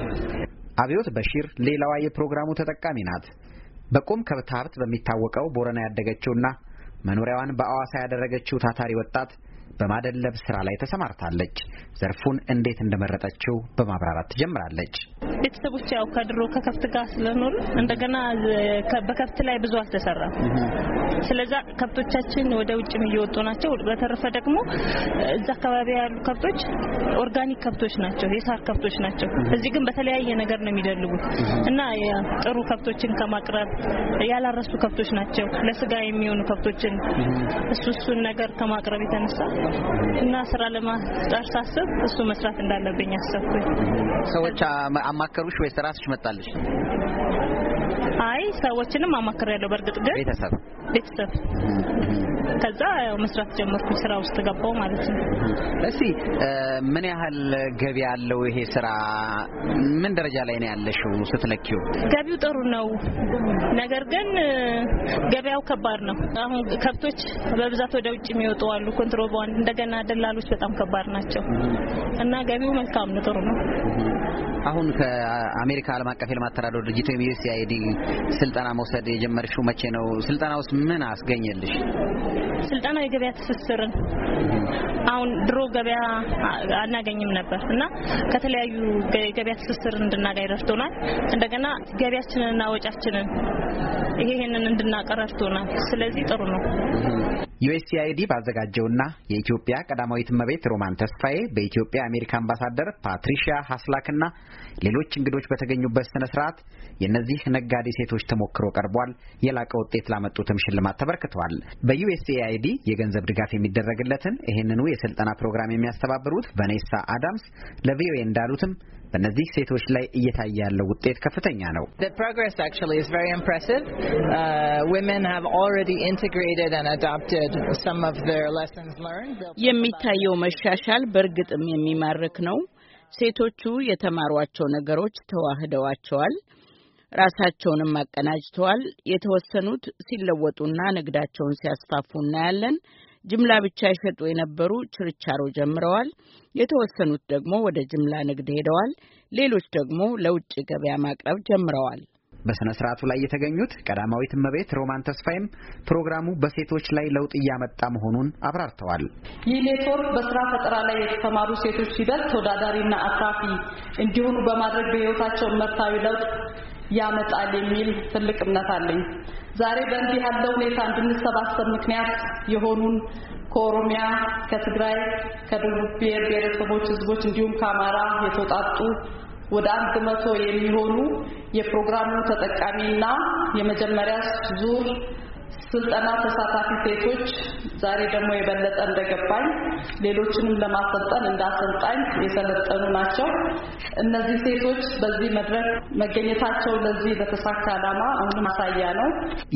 አብዮት በሺር ሌላዋ የፕሮግራሙ ተጠቃሚ ናት። በቁም ከብት ሀብት በሚታወቀው ቦረና ያደገችውና መኖሪያዋን በአዋሳ ያደረገችው ታታሪ ወጣት በማደለብ ስራ ላይ ተሰማርታለች። ዘርፉን እንዴት እንደመረጠችው በማብራራት ትጀምራለች። ቤተሰቦች ያው ከድሮ ከከብት ጋር ስለኖሩ እንደገና በከብት ላይ ብዙ አልተሰራም። ስለዛ ከብቶቻችን ወደ ውጭም እየወጡ ናቸው። በተረፈ ደግሞ እዛ አካባቢ ያሉ ከብቶች ኦርጋኒክ ከብቶች ናቸው፣ የሳር ከብቶች ናቸው። እዚህ ግን በተለያየ ነገር ነው የሚደልጉት እና ጥሩ ከብቶችን ከማቅረብ ያላረሱ ከብቶች ናቸው ለስጋ የሚሆኑ ከብቶችን እሱ እሱን ነገር ከማቅረብ የተነሳ እና ስራ ለማስጣር ሳስብ እሱ መስራት እንዳለብኝ አሰብኩኝ። ሰዎች አማከሩሽ ወይስ ራስሽ መጣልሽ? አይ ሰዎችንም አማክሬያለሁ። በእርግጥ ግን ቤተሰብ ቤተሰብ ከዛ ያው መስራት ጀመርኩ። ስራ ውስጥ ገባው ማለት ነው። እስቲ ምን ያህል ገቢ አለው ይሄ ስራ? ምን ደረጃ ላይ ነው ያለሽው ስትለኪው? ገቢው ጥሩ ነው፣ ነገር ግን ገበያው ከባድ ነው። አሁን ከብቶች በብዛት ወደ ውጭ የሚወጡ አሉ፣ ኮንትሮባንድ። እንደገና ደላሎች በጣም ከባድ ናቸው እና ገቢው መልካም ነው፣ ጥሩ ነው። አሁን ከአሜሪካ ዓለም አቀፍ የልማት ተራድኦ ድርጅት ወይም ዩኤስኤአይዲ ስልጠና መውሰድ የጀመርሽው መቼ ነው? ስልጠና ውስጥ ምን አስገኘልሽ? ስልጠና የገበያ ትስስርን አሁን ድሮ ገበያ አናገኝም ነበር እና ከተለያዩ የገበያ ትስስርን እንድናገኝ ረድቶናል። እንደገና እና ወጫችንን ይሄንን እንድናቀረርቶናል። ስለዚህ ጥሩ ነው። ዩኤስኤአይዲ ባዘጋጀውና የኢትዮጵያ ቀዳማዊት እመቤት ሮማን ተስፋዬ በኢትዮጵያ የአሜሪካ አምባሳደር ፓትሪሺያ ሀስላክና ሌሎች እንግዶች በተገኙበት ስነ ስርዓት የእነዚህ ነጋዴ ሴቶች ተሞክሮ ቀርቧል። የላቀ ውጤት ላመጡትም ሽልማት ተበርክተዋል። በዩኤስኤአይዲ የገንዘብ ድጋፍ የሚደረግለትን ይህንኑ የስልጠና ፕሮግራም የሚያስተባብሩት በኔሳ አዳምስ ለቪኦኤ እንዳሉትም በእነዚህ ሴቶች ላይ እየታየ ያለው ውጤት ከፍተኛ ነው። uh, የሚታየው መሻሻል በእርግጥም የሚማርክ ነው። ሴቶቹ የተማሯቸው ነገሮች ተዋህደዋቸዋል፣ ራሳቸውንም አቀናጅተዋል። የተወሰኑት ሲለወጡና ንግዳቸውን ሲያስፋፉ እናያለን። ጅምላ ብቻ ይሸጡ የነበሩ ችርቻሮ ጀምረዋል። የተወሰኑት ደግሞ ወደ ጅምላ ንግድ ሄደዋል። ሌሎች ደግሞ ለውጭ ገበያ ማቅረብ ጀምረዋል። በሥነ ሥርዓቱ ላይ የተገኙት ቀዳማዊት እመቤት ሮማን ተስፋይም ፕሮግራሙ በሴቶች ላይ ለውጥ እያመጣ መሆኑን አብራርተዋል። ይህ ኔትወርክ በስራ ፈጠራ ላይ የተሰማሩ ሴቶች ሂደት ተወዳዳሪና አትራፊ እንዲሆኑ በማድረግ በሕይወታቸው መርታዊ ለውጥ ያመጣል የሚል ትልቅ እምነት አለኝ። ዛሬ በእንዲህ ያለው ሁኔታ እንድንሰባሰብ ምክንያት የሆኑን ከኦሮሚያ፣ ከትግራይ፣ ከደቡብ ብሔር ብሔረሰቦች ህዝቦች እንዲሁም ከአማራ የተውጣጡ ወደ አንድ መቶ የሚሆኑ የፕሮግራሙ ተጠቃሚና የመጀመሪያ ዙር ስልጠና ተሳታፊ ሴቶች ዛሬ ደግሞ የበለጠ እንደገባኝ ሌሎችንም ለማሰልጠን እንዳሰልጣኝ የሰለጠኑ ናቸው። እነዚህ ሴቶች በዚህ መድረክ መገኘታቸው ለዚህ ለተሳካ ዓላማ አሁን ማሳያ ነው።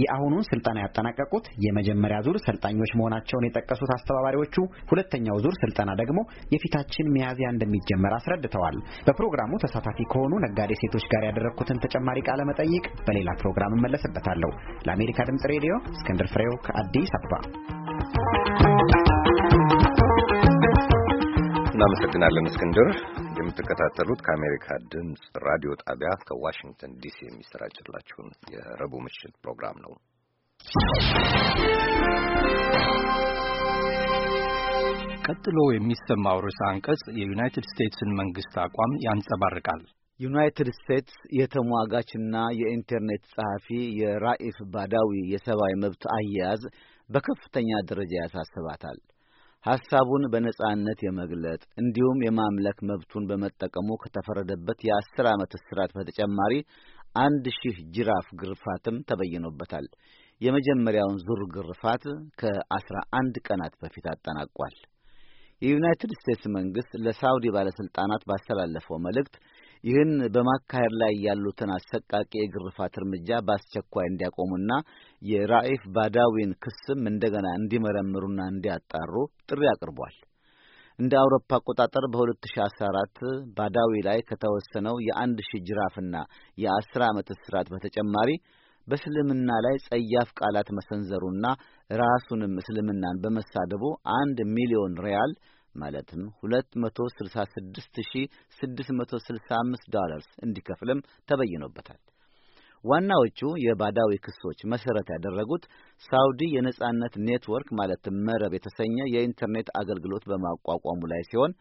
የአሁኑን ስልጠና ያጠናቀቁት የመጀመሪያ ዙር ሰልጣኞች መሆናቸውን የጠቀሱት አስተባባሪዎቹ ሁለተኛው ዙር ስልጠና ደግሞ የፊታችን ሚያዝያ እንደሚጀመር አስረድተዋል። በፕሮግራሙ ተሳታፊ ከሆኑ ነጋዴ ሴቶች ጋር ያደረግኩትን ተጨማሪ ቃለ መጠይቅ በሌላ ፕሮግራም እመለስበታለሁ። ለአሜሪካ ድምጽ ሬዲዮ እስክንድር ፍሬው ከአዲስ አበባ እናመሰግናለን። እስክንድር የምትከታተሉት ከአሜሪካ ድምፅ ራዲዮ ጣቢያ ከዋሽንግተን ዲሲ የሚሰራጭላችሁን የረቡዕ ምሽት ፕሮግራም ነው። ቀጥሎ የሚሰማው ርዕሰ አንቀጽ የዩናይትድ ስቴትስን መንግስት አቋም ያንጸባርቃል። ዩናይትድ ስቴትስ የተሟጋችና የኢንተርኔት ጸሐፊ የራኢፍ ባዳዊ የሰብአዊ መብት አያያዝ በከፍተኛ ደረጃ ያሳስባታል። ሐሳቡን በነጻነት የመግለጥ እንዲሁም የማምለክ መብቱን በመጠቀሙ ከተፈረደበት የአስር ዓመት እስራት በተጨማሪ አንድ ሺህ ጅራፍ ግርፋትም ተበይኖበታል። የመጀመሪያውን ዙር ግርፋት ከአስራ አንድ ቀናት በፊት አጠናቋል። የዩናይትድ ስቴትስ መንግሥት ለሳውዲ ባለሥልጣናት ባስተላለፈው መልእክት ይህን በማካሄድ ላይ ያሉትን አሰቃቂ የግርፋት እርምጃ በአስቸኳይ እንዲያቆሙና የራኢፍ ባዳዊን ክስም እንደገና እንዲመረምሩና እንዲያጣሩ ጥሪ አቅርቧል። እንደ አውሮፓ አቆጣጠር በ2014 ባዳዊ ላይ ከተወሰነው የአንድ ሺህ ጅራፍና የአስር ዓመት እስራት በተጨማሪ በእስልምና ላይ ጸያፍ ቃላት መሰንዘሩና ራሱንም እስልምናን በመሳደቡ አንድ ሚሊዮን ሪያል ማለትም 266665 ዶላርስ እንዲከፍልም ተበይኖበታል። ዋናዎቹ የባዳዊ ክሶች መሰረት ያደረጉት ሳውዲ የነጻነት ኔትወርክ ማለትም መረብ የተሰኘ የኢንተርኔት አገልግሎት በማቋቋሙ ላይ ሲሆን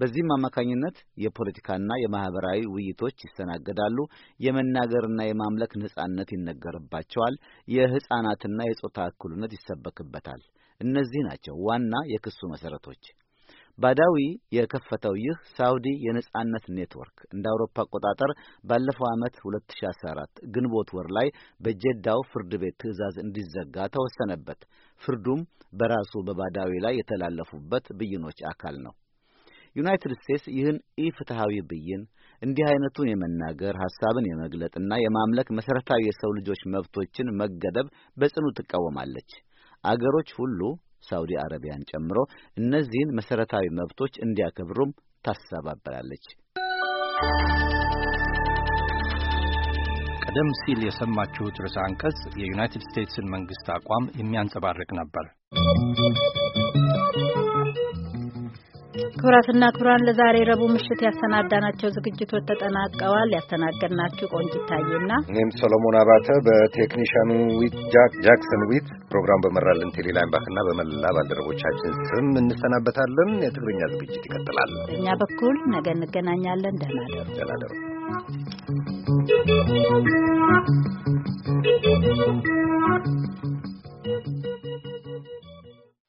በዚህም አማካኝነት የፖለቲካና የማህበራዊ ውይይቶች ይስተናገዳሉ። የመናገርና የማምለክ ነጻነት ይነገርባቸዋል። የሕፃናትና የጾታ እኩልነት ይሰበክበታል። እነዚህ ናቸው ዋና የክሱ መሰረቶች ባዳዊ የከፈተው ይህ ሳውዲ የነጻነት ኔትወርክ እንደ አውሮፓ አቆጣጠር ባለፈው ዓመት 2014 ግንቦት ወር ላይ በጀዳው ፍርድ ቤት ትዕዛዝ እንዲዘጋ ተወሰነበት። ፍርዱም በራሱ በባዳዊ ላይ የተላለፉበት ብይኖች አካል ነው። ዩናይትድ ስቴትስ ይህን ኢፍትሐዊ ብይን እንዲህ አይነቱን የመናገር ሐሳብን የመግለጥና የማምለክ መሠረታዊ የሰው ልጆች መብቶችን መገደብ በጽኑ ትቃወማለች። አገሮች ሁሉ ሳውዲ አረቢያን ጨምሮ እነዚህን መሰረታዊ መብቶች እንዲያከብሩም ታስተባብራለች። ቀደም ሲል የሰማችሁት ርዕሰ አንቀጽ የዩናይትድ ስቴትስን መንግሥት አቋም የሚያንጸባርቅ ነበር። ኩራትና ኩራን ለዛሬ ረቡዕ ምሽት ያሰናዳናቸው ዝግጅቶች ተጠናቀዋል። ያስተናገድናችሁ ቆንጂት ታዬና እኔም ሰሎሞን አባተ በቴክኒሽያኑ ዊት ጃክሰን ዊት ፕሮግራም በመራልን ቴሌላይን ባክና በመላ ባልደረቦቻችን ስም እንሰናበታለን። የትግርኛ ዝግጅት ይቀጥላል። እኛ በኩል ነገ እንገናኛለን። ደህና ደሩ። ደህና ደሩ። Thank you.